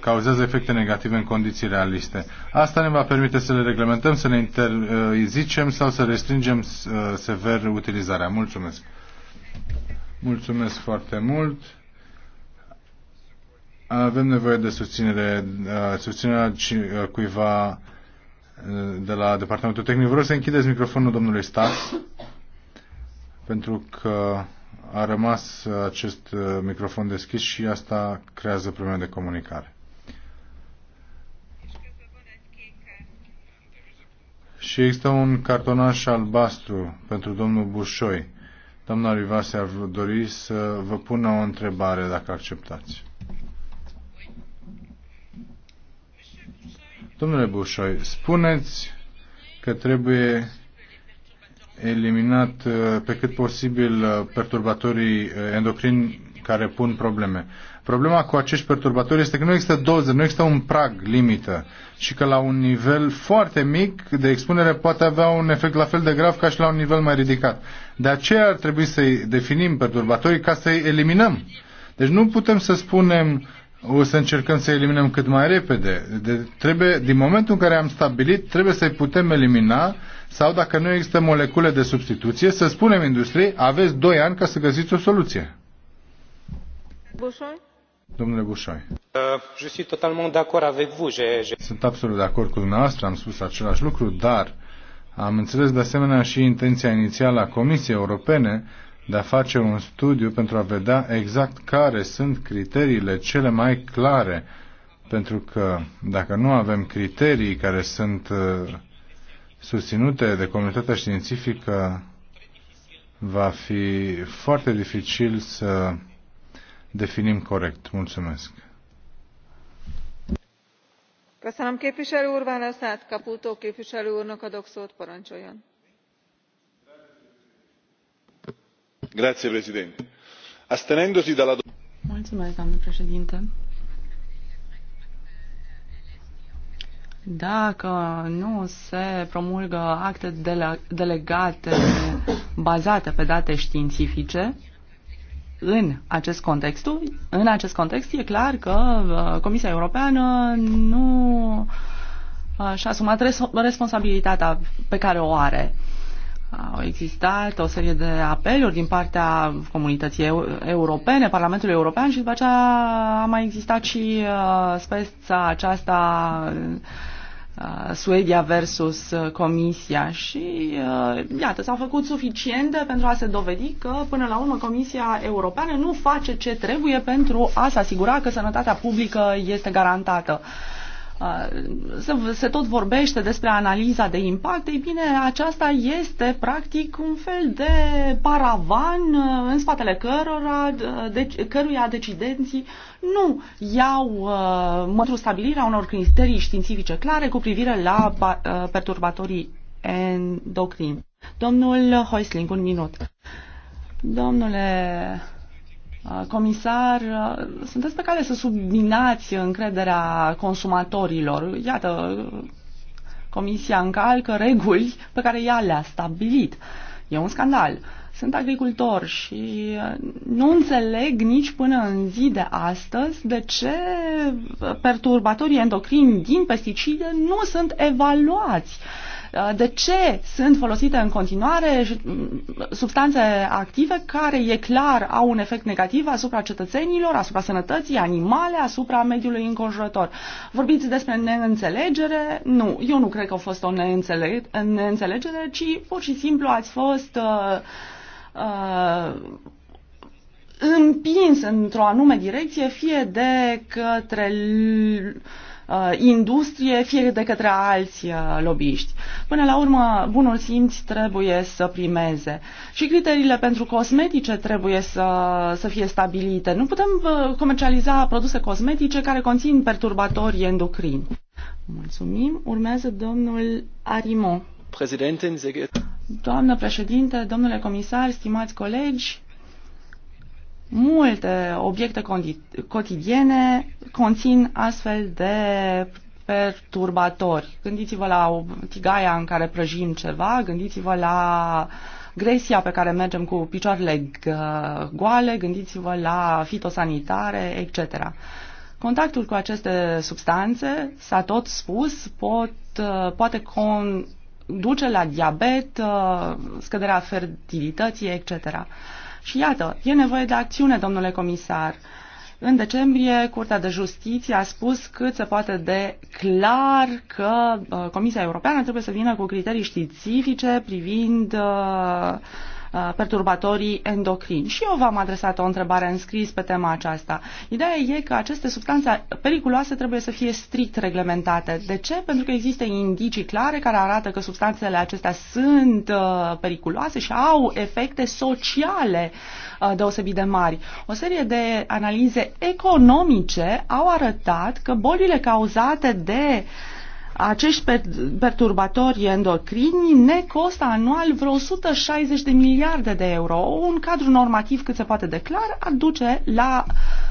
cauzează efecte negative în condiții realiste. Asta ne va permite să le reglementăm, să ne interzicem sau să restringem uh, sever utilizarea. Mulțumesc! Mulțumesc foarte mult! Avem nevoie de susținere, uh, susținerea uh, cuiva uh, de la Departamentul Tehnic. Vreau să închideți microfonul domnului Stas, pentru că a rămas acest microfon deschis și asta creează probleme de comunicare. Și există un cartonaș albastru pentru domnul Bușoi. Doamna Rivase ar dori să vă pună o întrebare, dacă acceptați. Domnule Bușoi, spuneți că trebuie eliminat uh, pe cât posibil uh, perturbatorii uh, endocrini care pun probleme. Problema cu acești perturbatori este că nu există doză, nu există un prag limită și că la un nivel foarte mic de expunere poate avea un efect la fel de grav ca și la un nivel mai ridicat. De aceea ar trebui să-i definim perturbatorii ca să-i eliminăm. Deci nu putem să spunem o să încercăm să eliminăm cât mai repede. De, trebuie, din momentul în care am stabilit, trebuie să-i putem elimina sau dacă nu există molecule de substituție, să spunem industriei, aveți 2 ani ca să găsiți o soluție. Bușoi? Domnule Bușoi. Uh, suis totalement d'accord avec vous. Je, Sunt absolut de acord cu dumneavoastră, am spus același lucru, dar am înțeles de asemenea și intenția inițială a Comisiei Europene de a face un studiu pentru a vedea exact care sunt criteriile cele mai clare, pentru că dacă nu avem criterii care sunt uh, susținute de comunitatea științifică, va fi foarte dificil să definim corect. Mulțumesc. Köszönöm képviselő úr, választát Caputo képviselő úrnak adok szót, parancsoljon. doamnă președintă dacă nu se promulgă acte delegate bazate pe date științifice în acest context, în acest context e clar că uh, Comisia Europeană nu uh, și-a asumat responsabilitatea pe care o are au existat o serie de apeluri din partea comunității europene, Parlamentului European și după aceea a mai existat și uh, speța aceasta uh, Suedia versus uh, Comisia și uh, iată, s-au făcut suficiente pentru a se dovedi că până la urmă Comisia Europeană nu face ce trebuie pentru a se asigura că sănătatea publică este garantată. Uh, Uh, se, se tot vorbește despre analiza de impact, ei bine, aceasta este practic un fel de paravan uh, în spatele cărora, uh, de, deci, căruia decidenții nu iau uh, stabilirea unor criterii științifice clare cu privire la uh, perturbatorii endocrini. Domnul Hoisling, un minut. Domnule Uh, comisar, uh, sunteți pe care să subminați încrederea consumatorilor. Iată, comisia încalcă reguli pe care ea le-a stabilit. E un scandal. Sunt agricultor și uh, nu înțeleg nici până în zi de astăzi de ce perturbatorii endocrini din pesticide nu sunt evaluați. Uh, Uh, de ce sunt folosite în continuare mm, substanțe active care e clar au un efect negativ asupra cetățenilor, asupra sănătății, animale, asupra mediului înconjurător. Vorbiți despre neînțelegere? Nu, eu nu cred că a fost o neînțelegere, ci pur și simplu ați fost uh, uh, împins într-o anume direcție, fie de către Uh, industrie, fie de către alți uh, lobbyiști. Până la urmă, bunul simț trebuie să primeze. Și criteriile pentru cosmetice trebuie să, să fie stabilite. Nu putem uh, comercializa produse cosmetice care conțin perturbatori endocrini. Mulțumim. Urmează domnul Arimo. Doamnă președinte, domnule comisar, stimați colegi, Multe obiecte cotidiene conțin astfel de perturbatori. Gândiți-vă la tigaia în care prăjim ceva, gândiți-vă la gresia pe care mergem cu picioarele goale, gândiți-vă la fitosanitare, etc. Contactul cu aceste substanțe, s-a tot spus, pot, poate con, duce la diabet, scăderea fertilității, etc. Și iată, e nevoie de acțiune, domnule comisar. În decembrie, Curtea de Justiție a spus cât se poate de clar că uh, Comisia Europeană trebuie să vină cu criterii științifice privind uh, Uh, perturbatorii endocrini. Și eu v-am adresat o întrebare în scris pe tema aceasta. Ideea e că aceste substanțe periculoase trebuie să fie strict reglementate. De ce? Pentru că există indicii clare care arată că substanțele acestea sunt uh, periculoase și au efecte sociale uh, deosebit de mari. O serie de analize economice au arătat că bolile cauzate de uh, acești perturbatori endocrini ne costă anual vreo 160 de miliarde de euro. Un cadru normativ cât se poate declar aduce la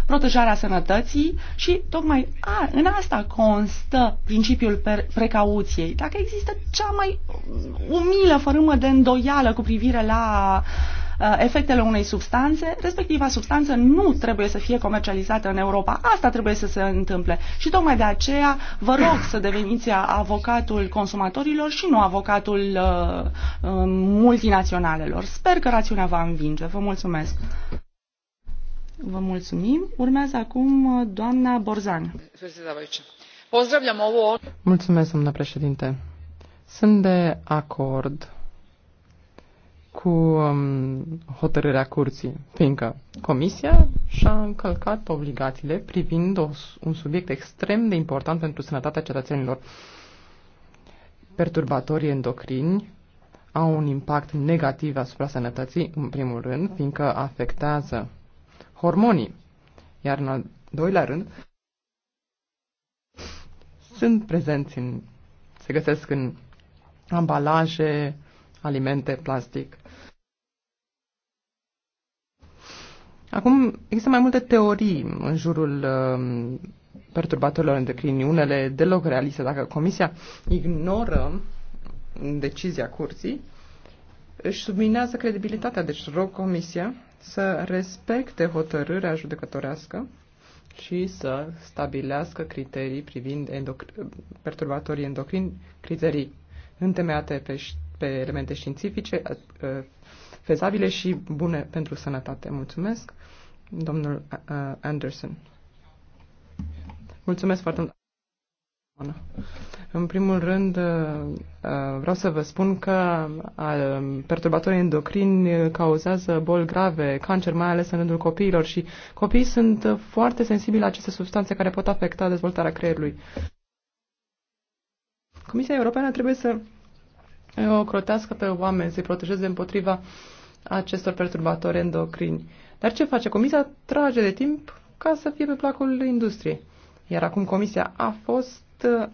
protejarea sănătății și tocmai a, în asta constă principiul precauției. Dacă există cea mai umilă fărâmă de îndoială cu privire la uh, Uh, efectele unei substanțe, respectiva substanță nu trebuie să fie comercializată în Europa. Asta trebuie să se întâmple. Și tocmai de aceea vă rog să deveniți avocatul consumatorilor și nu avocatul uh, uh multinaționalelor. Sper că rațiunea va învinge. Vă mulțumesc. Vă mulțumim. Urmează acum uh, doamna Borzan. Mulțumesc, doamna președinte. Sunt de acord cu um, hotărârea curții, fiindcă Comisia și-a încălcat obligațiile privind o, un subiect extrem de important pentru sănătatea cetățenilor. Perturbatorii endocrini au un impact negativ asupra sănătății, în primul rând, fiindcă afectează hormonii, iar în al doilea rând, sunt prezenți în, se găsesc în ambalaje, alimente, plastic, Acum, există mai multe teorii în jurul um, perturbatorilor endocrini, unele deloc realiste. Dacă Comisia ignoră decizia curții, își subminează credibilitatea. Deci rog Comisia să respecte hotărârea judecătorească și să stabilească criterii privind endoc- perturbatorii endocrini, criterii întemeiate pe, pe elemente științifice, uh, fezabile și bune pentru sănătate. Mulțumesc! domnul uh, uh, Anderson. Mulțumesc foarte mult. În primul rând, uh, vreau să vă spun că perturbatorii endocrini cauzează boli grave, cancer, mai ales în rândul copiilor și copiii sunt foarte sensibili la aceste substanțe care pot afecta dezvoltarea creierului. Comisia Europeană trebuie să o crotească pe oameni, să-i protejeze împotriva acestor perturbatori endocrini. Dar ce face? Comisia trage de timp ca să fie pe placul industriei. Iar acum comisia a fost... Uh,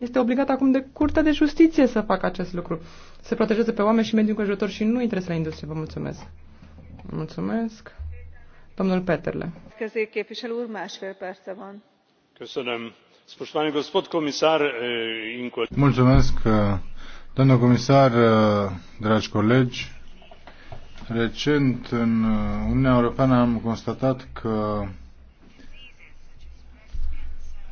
este obligată acum de Curtea de Justiție să facă acest lucru. Se protejeze pe oameni și mediul înconjurător și nu interesează la industrie. Vă mulțumesc. Mulțumesc. Domnul Peterle. Eh, mulțumesc, eh, domnul comisar, eh, dragi colegi. Recent, în Uniunea Europeană am constatat că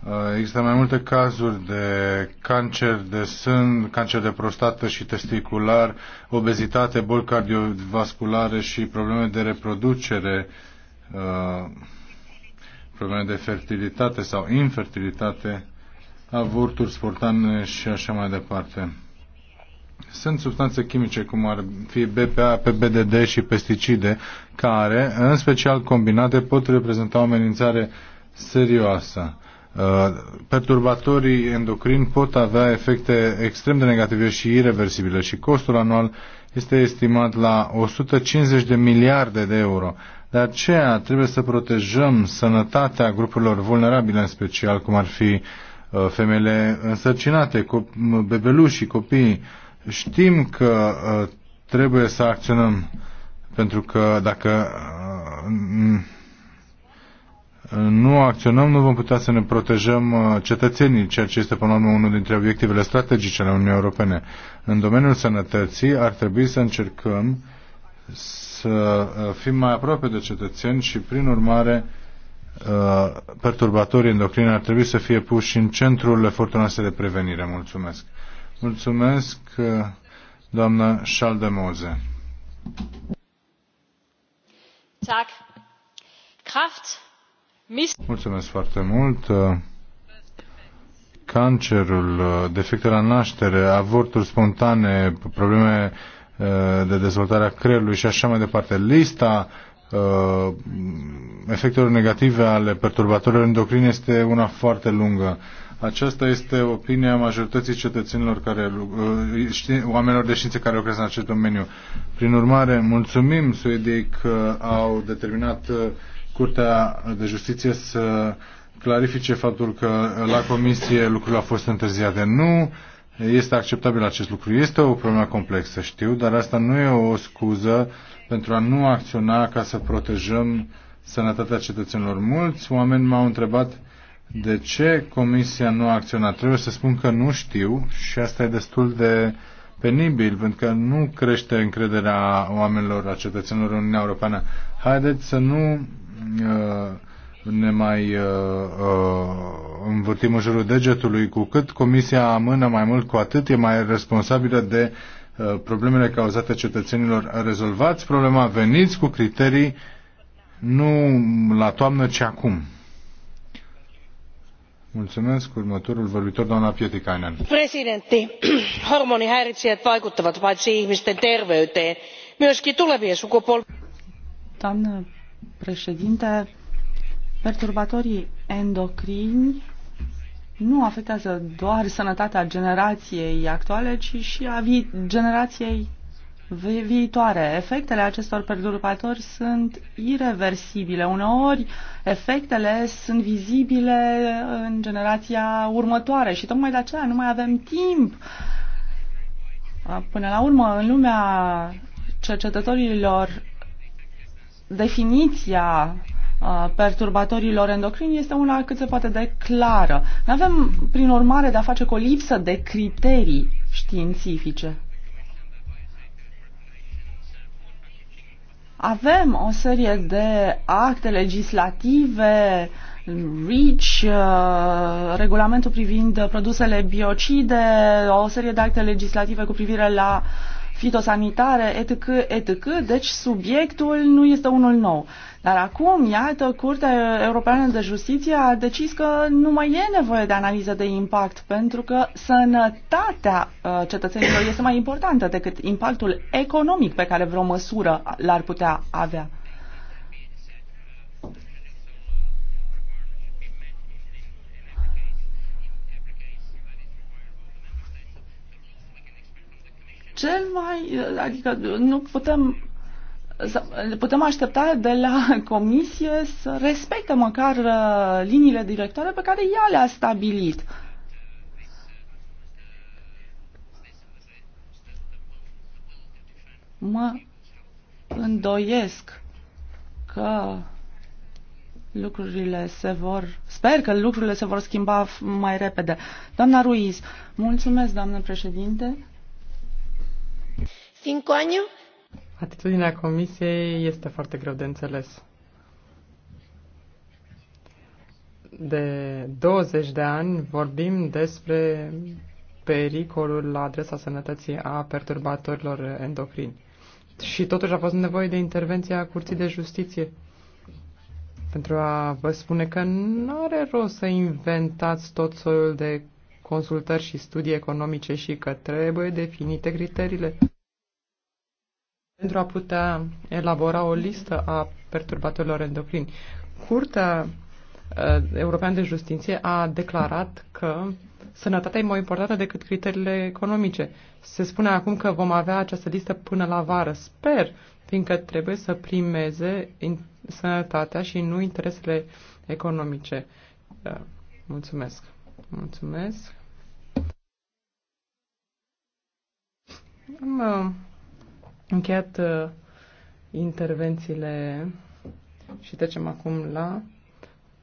uh, există mai multe cazuri de cancer de sân, cancer de prostată și testicular, obezitate, boli cardiovasculare și probleme de reproducere, uh, probleme de fertilitate sau infertilitate, avorturi sportane și așa mai departe. Sunt substanțe chimice cum ar fi BPA, PBDD și pesticide care, în special combinate, pot reprezenta o amenințare serioasă. Uh, perturbatorii endocrini pot avea efecte extrem de negative și irreversibile și costul anual este estimat la 150 de miliarde de euro. De aceea trebuie să protejăm sănătatea grupurilor vulnerabile, în special cum ar fi uh, femeile însărcinate, bebelușii, copiii, Știm că uh, trebuie să acționăm pentru că dacă uh, nu acționăm, nu vom putea să ne protejăm uh, cetățenii, ceea ce este până la urmă unul dintre obiectivele strategice ale Uniunii Europene. În domeniul sănătății ar trebui să încercăm să fim mai aproape de cetățeni și, prin urmare, perturbatorii endocrini ar trebui să fie puși în centrul eforturilor noastre de prevenire. Mulțumesc! Mulțumesc, uh, doamna Schaldemose. Kraft. Mulțumesc foarte mult. Uh, cancerul, uh, defecte la naștere, avorturi spontane, probleme de dezvoltare a creierului și așa mai departe. Lista efectelor negative ale perturbatorilor endocrine este una foarte lungă. Aceasta este opinia majorității cetățenilor care, uh, oamenilor de știință care lucrează în acest domeniu. Prin urmare, mulțumim Suediei că au determinat uh, Curtea de Justiție să clarifice faptul că la comisie lucrurile au fost întârziate. Nu este acceptabil acest lucru. Este o problemă complexă, știu, dar asta nu e o scuză pentru a nu acționa ca să protejăm sănătatea cetățenilor. Mulți oameni m-au întrebat de ce Comisia nu a acționat? Trebuie să spun că nu știu și asta e destul de penibil, pentru că nu crește încrederea oamenilor, a cetățenilor în Uniunea Europeană. Haideți să nu uh, ne mai uh, uh, învârtim în jurul degetului. Cu cât Comisia amână mai mult, cu atât e mai responsabilă de uh, problemele cauzate cetățenilor. Rezolvați problema, veniți cu criterii, nu la toamnă, ci acum. Mulțumesc. Următorul vorbitor, doamna Pietikainen. Presidentti, hormonihäiritsijät vaikuttavat paitsi ihmisten terveyteen, myöskin tulevien sukupolvien. Doamnă președinte, perturbatorii endocrini nu afectează doar sănătatea generației actuale, ci și a generației viitoare. Efectele acestor perturbatori sunt irreversibile. Uneori, efectele sunt vizibile în generația următoare și tocmai de aceea nu mai avem timp. Până la urmă, în lumea cercetătorilor, definiția perturbatorilor endocrini este una cât se poate de clară. Nu avem, prin urmare, de a face cu o lipsă de criterii științifice. Avem o serie de acte legislative, REACH, uh, regulamentul privind produsele biocide, o serie de acte legislative cu privire la uh, fitosanitare, etc., etc., deci subiectul nu este unul nou. Dar acum, iată, Curtea Europeană de Justiție a decis că nu mai e nevoie de analiză de impact, pentru că sănătatea uh, cetățenilor este mai importantă decât impactul economic pe care vreo măsură l-ar putea avea. cel mai, adică nu putem putem aștepta de la comisie să respecte măcar uh, liniile directoare pe care ea le-a stabilit. Mă îndoiesc că lucrurile se vor, sper că lucrurile se vor schimba mai repede. Doamna Ruiz, mulțumesc, doamnă președinte. Cinco años? Atitudinea Comisiei este foarte greu de înțeles. De 20 de ani vorbim despre pericolul la adresa sănătății a perturbatorilor endocrini. Și totuși a fost nevoie de intervenția Curții de Justiție pentru a vă spune că nu are rost să inventați tot soiul de consultări și studii economice și că trebuie definite criteriile pentru a putea elabora o listă a perturbatorilor endocrini. Curtea eh, Europeană de Justiție a declarat că sănătatea e mai importantă decât criteriile economice. Se spune acum că vom avea această listă până la vară. Sper, fiindcă trebuie să primeze sănătatea și nu interesele economice. Eh, mulțumesc. Mulțumesc. Am eh, încheiat uh, intervențiile și trecem acum la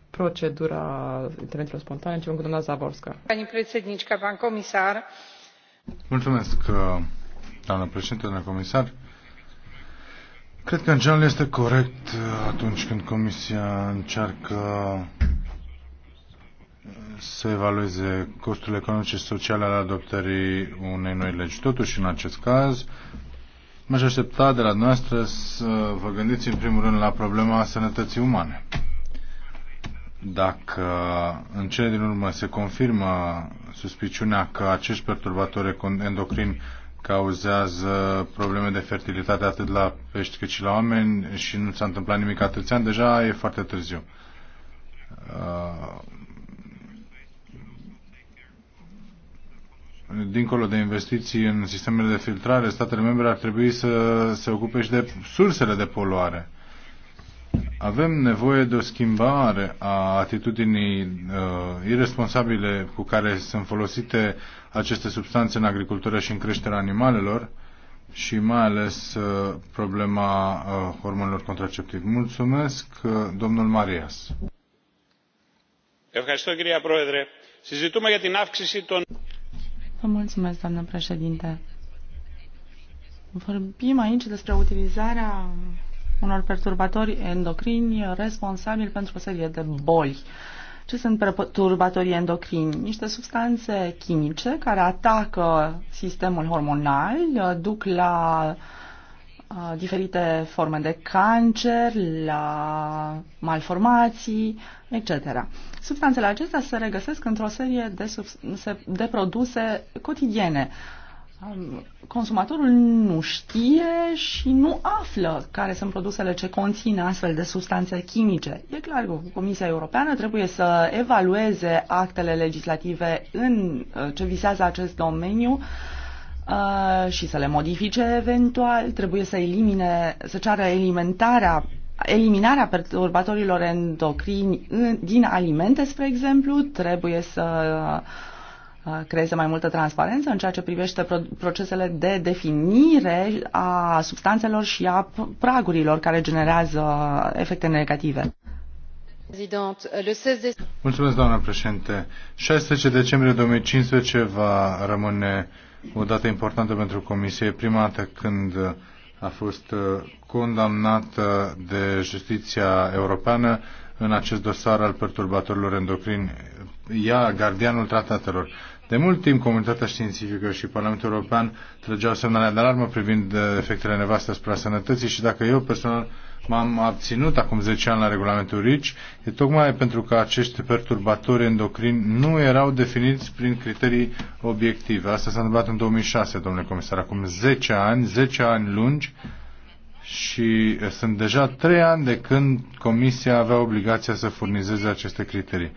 procedura intervențiilor spontane. Începem cu doamna Zaborska. Pani predsednička, pan comisar. Mulțumesc, uh, doamnă președinte, doamnă comisar. Cred că în general este corect uh, atunci când Comisia încearcă să evalueze costurile economice și sociale ale adoptării unei noi legi. Totuși, în acest caz, M-aș aștepta de la noastră să vă gândiți în primul rând la problema sănătății umane. Dacă în cele din urmă se confirmă suspiciunea că acești perturbatori endocrini cauzează probleme de fertilitate atât la pești cât și la oameni și nu s-a întâmplat nimic atâția ani, deja e foarte târziu. Uh, dincolo de investiții în sistemele de filtrare, statele membre ar trebui să se ocupe și de sursele de poluare. Avem nevoie de o schimbare a atitudinii uh, irresponsabile cu care sunt folosite aceste substanțe în agricultură și în creșterea animalelor și mai ales uh, problema uh, hormonilor contraceptivi. Mulțumesc, uh, domnul Marias. Ευχαριστώ, κυρία Πρόεδρε. Συζητούμε για την αύξηση των... Vă mulțumesc, doamnă președinte. Vorbim aici despre utilizarea unor perturbatori endocrini responsabili pentru o serie de boli. Ce sunt perturbatorii endocrini? Niște substanțe chimice care atacă sistemul hormonal, duc la uh, diferite forme de cancer, la malformații, etc. Substanțele acestea se regăsesc într-o serie de, de produse cotidiene. Consumatorul nu știe și nu află care sunt produsele ce conțin astfel de substanțe chimice. E clar că Comisia Europeană trebuie să evalueze actele legislative în uh, ce visează acest domeniu uh, Uh, și să le modifice eventual, trebuie să elimine, să ceară alimentarea eliminarea perturbatorilor endocrini din alimente, spre exemplu, trebuie să uh, creeze mai multă transparență în ceea ce privește procesele de definire a substanțelor și a pragurilor care generează efecte negative. Mulțumesc, doamnă președinte. 16 decembrie 2015 va rămâne o dată importantă pentru Comisie, prima dată când a fost uh, condamnată de justiția europeană în acest dosar al perturbatorilor endocrini. Ea, gardianul tratatelor. De mult timp, comunitatea științifică și Parlamentul European trăgeau semnale de alarmă privind uh, efectele nevaste asupra sănătății și dacă eu personal m-am abținut acum 10 ani la regulamentul RICI, e tocmai pentru că acești perturbatori endocrini nu erau definiți prin criterii obiective. Asta s-a întâmplat în 2006, domnule comisar, acum 10 ani, 10 ani lungi, și sunt deja trei ani de când Comisia avea obligația să furnizeze aceste criterii.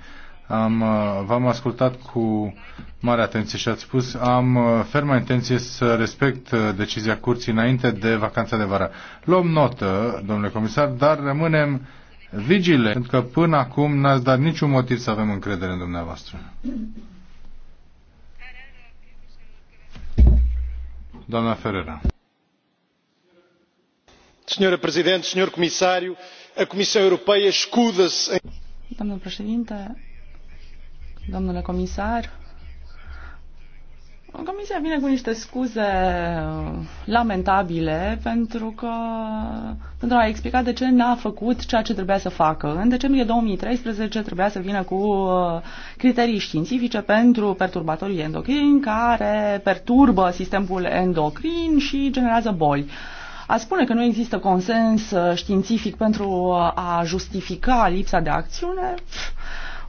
Am, uh, v-am ascultat cu mare atenție și ați spus am uh, fermă intenție să respect uh, decizia curții înainte de vacanța de vară. Luăm notă, domnule comisar, dar rămânem vigile, pentru că până acum n-ați dat niciun motiv să avem încredere în dumneavoastră. Doamna Ferreira. Senhora Presidente, Senhor Comissário, a Comissão Europeia escuda-se em... Domnul președinte, domnule comisar. Comisia vine cu niște scuze lamentabile pentru că pentru a explica de ce n-a făcut ceea ce trebuia să facă. În decembrie 2013 trebuia să vină cu uh, criterii științifice pentru perturbatorii endocrini care perturbă sistemul endocrin și generează boli. A spune că nu există consens uh, științific pentru uh, a justifica lipsa de acțiune, pf,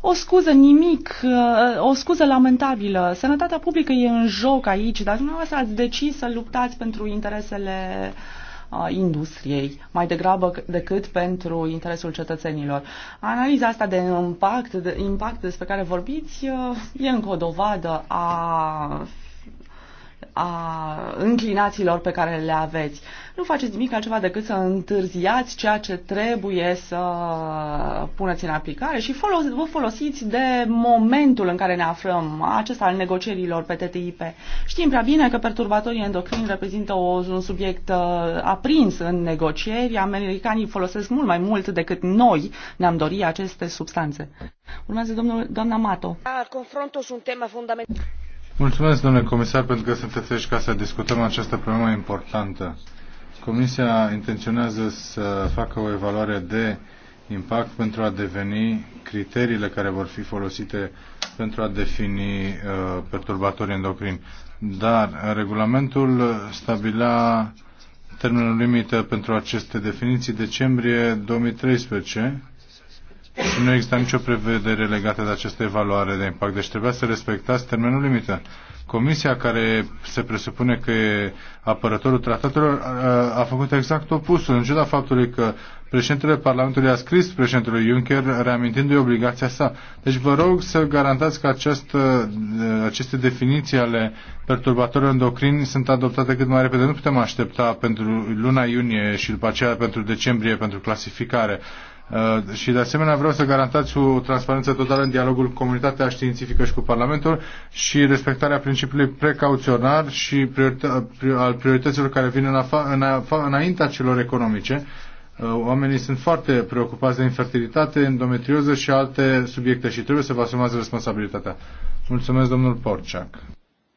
o scuză nimic, uh, o scuză lamentabilă. Sănătatea publică e în joc aici, dar dumneavoastră ați decis să luptați pentru interesele uh, industriei, mai degrabă decât pentru interesul cetățenilor. Analiza asta de impact, de impact despre care vorbiți uh, e încă o dovadă a a înclinațiilor pe care le aveți. Nu faceți nimic altceva decât să întârziați ceea ce trebuie să puneți în aplicare și folos- vă folosiți de momentul în care ne aflăm, acesta al negocierilor pe TTIP. Știm prea bine că perturbatorii endocrini reprezintă o, un subiect uh, aprins în negocieri. Americanii folosesc mult mai mult decât noi ne-am dori aceste substanțe. Urmează domnul, doamna Mato. Confrontul sunt tema fundamentală Mulțumesc, domnule comisar, pentru că sunteți aici ca să discutăm această problemă importantă. Comisia intenționează să facă o evaluare de impact pentru a deveni criteriile care vor fi folosite pentru a defini uh, perturbatorii endocrini. Dar regulamentul stabilea termenul limită pentru aceste definiții decembrie 2013 și nu există nicio prevedere legată de această evaluare de impact. Deci trebuia să respectați termenul limită. Comisia care se presupune că e apărătorul tratatelor a făcut exact opusul, în ciuda faptului că președintele Parlamentului a scris președintelui Juncker reamintindu-i obligația sa. Deci vă rog să garantați că această, aceste definiții ale perturbatorilor endocrini sunt adoptate cât mai repede. Nu putem aștepta pentru luna iunie și după aceea pentru decembrie pentru clasificare. Uh, și de asemenea vreau să garantați o transparență totală în dialogul cu comunitatea științifică și cu Parlamentul și respectarea principiului precauționar și priorita- al priorităților care vin în afa- în afa- înaintea celor economice. Uh, oamenii sunt foarte preocupați de infertilitate, endometrioză și alte subiecte și trebuie să vă asumați responsabilitatea. Mulțumesc, domnul Porceac.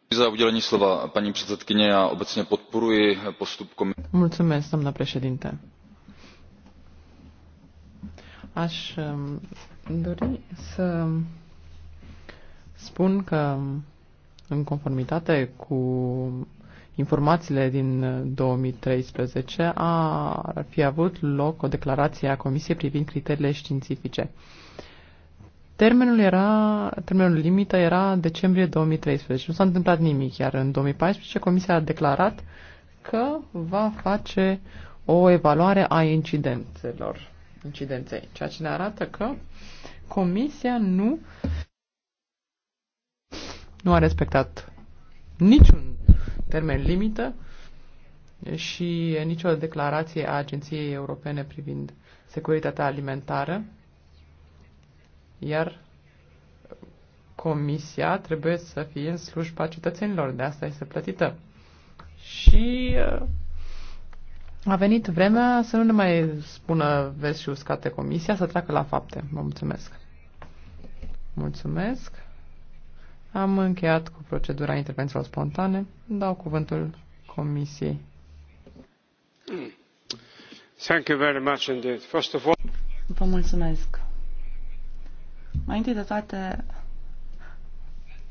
Za udělení slova, paní předsedkyně, já obecně podporuji postup komise. Mulțumesc, doamna președinte. Aș um, dori să spun că în conformitate cu informațiile din 2013 uh, a, ar fi avut loc o declarație a Comisiei privind criteriile științifice. Termenul, era, termenul limită era decembrie 2013. Nu s-a întâmplat nimic, iar în 2014 Comisia a declarat că va face o evaluare a incidențelor incidenței, ceea ce ne arată că Comisia nu, nu a respectat niciun termen limită și nicio declarație a Agenției Europene privind securitatea alimentară, iar Comisia trebuie să fie în slujba cetățenilor, de asta este plătită. Și uh, a venit vremea să nu ne mai spună vezi și uscate comisia, să treacă la fapte. Vă mulțumesc. Mulțumesc. Am încheiat cu procedura intervențiilor spontane. Dau cuvântul comisiei. Thank you very much indeed. First of all... Vă mulțumesc. Mai întâi de toate,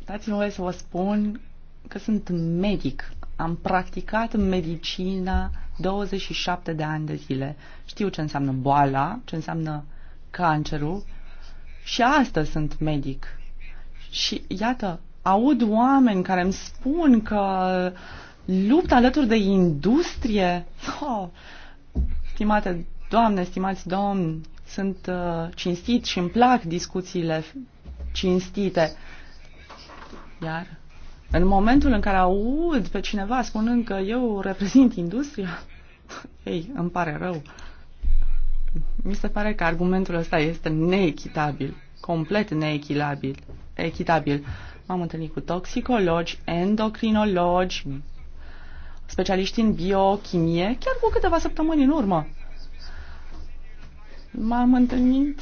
dați-mi voie să vă spun că sunt medic. Am practicat medicina 27 de ani de zile. Știu ce înseamnă boala, ce înseamnă cancerul și astăzi sunt medic. Și iată, aud oameni care îmi spun că lupt alături de industrie. Oh, stimate doamne, stimați domni, sunt uh, cinstit și îmi plac discuțiile cinstite. Iar în momentul în care aud pe cineva spunând că eu reprezint industria, ei, îmi pare rău. Mi se pare că argumentul ăsta este neechitabil, complet neechitabil. Echitabil. M-am întâlnit cu toxicologi, endocrinologi, specialiști în biochimie, chiar cu câteva săptămâni în urmă. M-am întâlnit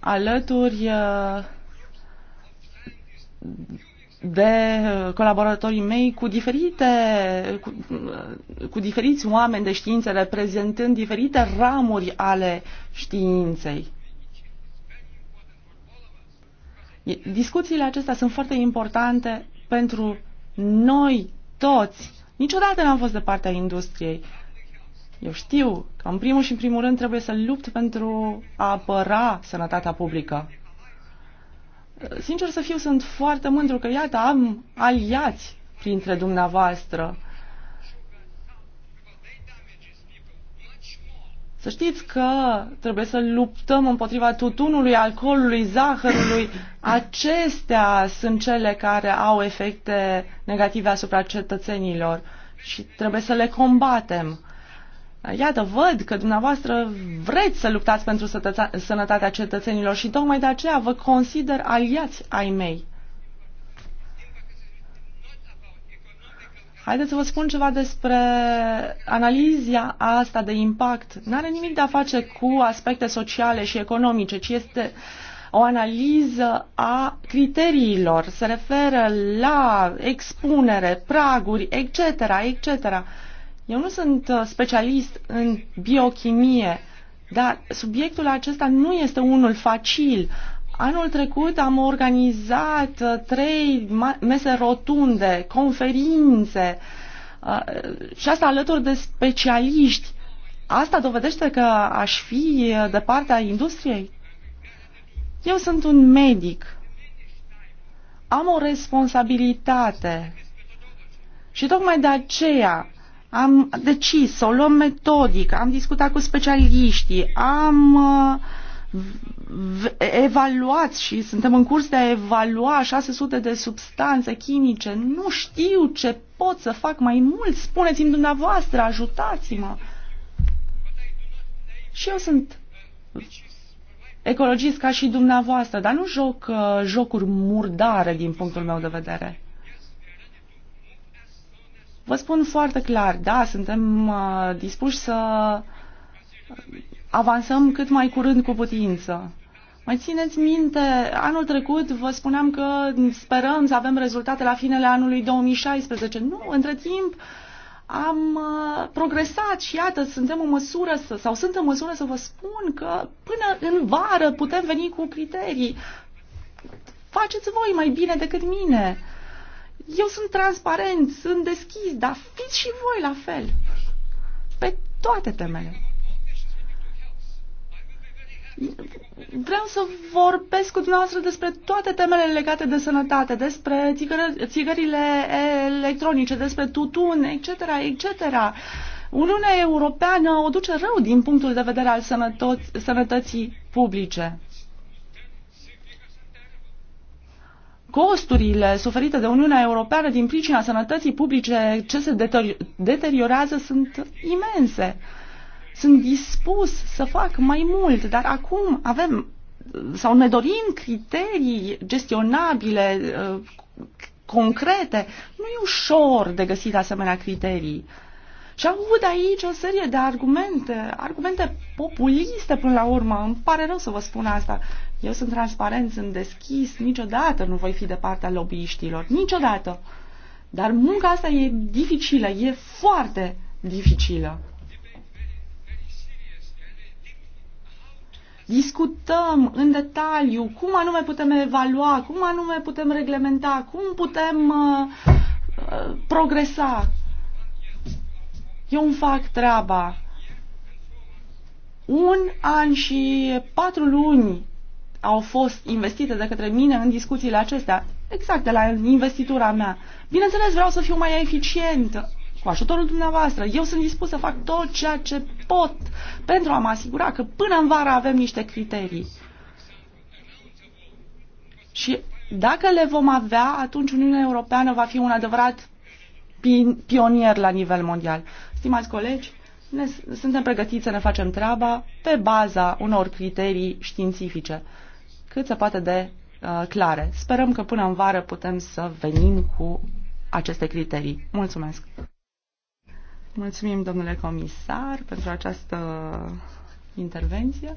alături uh, de uh, colaboratorii mei cu diferite, cu, uh, cu diferiți oameni de știință, reprezentând diferite ramuri ale științei. Discuțiile acestea sunt foarte importante pentru noi toți. Niciodată n-am fost de partea industriei. Eu știu că în primul și în primul rând trebuie să lupt pentru a apăra sănătatea publică. Sincer să fiu, sunt foarte mândru că, iată, am aliați printre dumneavoastră. Să știți că trebuie să luptăm împotriva tutunului, alcoolului, zahărului. Acestea sunt cele care au efecte negative asupra cetățenilor și trebuie să le combatem. Iată, văd că dumneavoastră vreți să luptați pentru sănătatea cetățenilor și tocmai de aceea vă consider aliați ai mei. Haideți să vă spun ceva despre analiza asta de impact. N-are nimic de a face cu aspecte sociale și economice, ci este o analiză a criteriilor. Se referă la expunere, praguri, etc., etc. Eu nu sunt uh, specialist în biochimie, dar subiectul acesta nu este unul facil. Anul trecut am organizat uh, trei mese rotunde, conferințe uh, și asta alături de specialiști. Asta dovedește că aș fi de partea industriei? Eu sunt un medic. Am o responsabilitate. Și tocmai de aceea am decis să o luăm metodic, am discutat cu specialiștii, am uh, evaluat și suntem în curs de a evalua 600 de substanțe chimice. Nu știu ce pot să fac mai mult. Spuneți-mi dumneavoastră, ajutați-mă. Și eu sunt ecologist ca și dumneavoastră, dar nu joc uh, jocuri murdare din punctul meu de vedere. Vă spun foarte clar, da, suntem uh, dispuși să avansăm cât mai curând cu putință. Mai țineți minte, anul trecut vă spuneam că sperăm să avem rezultate la finele anului 2016. Nu, între timp am uh, progresat și iată, suntem în măsură să, sau sunt în măsură să vă spun că până în vară putem veni cu criterii. Faceți voi mai bine decât mine. Eu sunt transparent, sunt deschis, dar fiți și voi la fel. Pe toate temele. Vreau să vorbesc cu dumneavoastră despre toate temele legate de sănătate, despre țigăr țigările electronice, despre tutun, etc., etc. Uniunea Europeană o duce rău din punctul de vedere al sănătății publice. costurile suferite de Uniunea Europeană din pricina sănătății publice ce se deteriorează sunt imense. Sunt dispus să fac mai mult, dar acum avem sau ne dorim criterii gestionabile, uh, concrete. Nu e ușor de găsit asemenea criterii. Și aud aici o serie de argumente, argumente populiste până la urmă, îmi pare rău să vă spun asta. Eu sunt transparent, sunt deschis, niciodată nu voi fi de partea lobbyiștilor, niciodată. Dar munca asta e dificilă, e foarte dificilă. Discutăm în detaliu cum anume putem evalua, cum anume putem reglementa, cum putem uh, uh, progresa. Eu îmi fac treaba. Un an și patru luni au fost investite de către mine în discuțiile acestea, exact de la investitura mea. Bineînțeles, vreau să fiu mai eficient. cu ajutorul dumneavoastră. Eu sunt dispus să fac tot ceea ce pot pentru a mă asigura că până în vară avem niște criterii. Și dacă le vom avea, atunci Uniunea Europeană va fi un adevărat pionier la nivel mondial. Stimați colegi, ne, suntem pregătiți să ne facem treaba pe baza unor criterii științifice cât se poate de uh, clare. Sperăm că până în vară putem să venim cu aceste criterii. Mulțumesc! Mulțumim, domnule comisar, pentru această intervenție.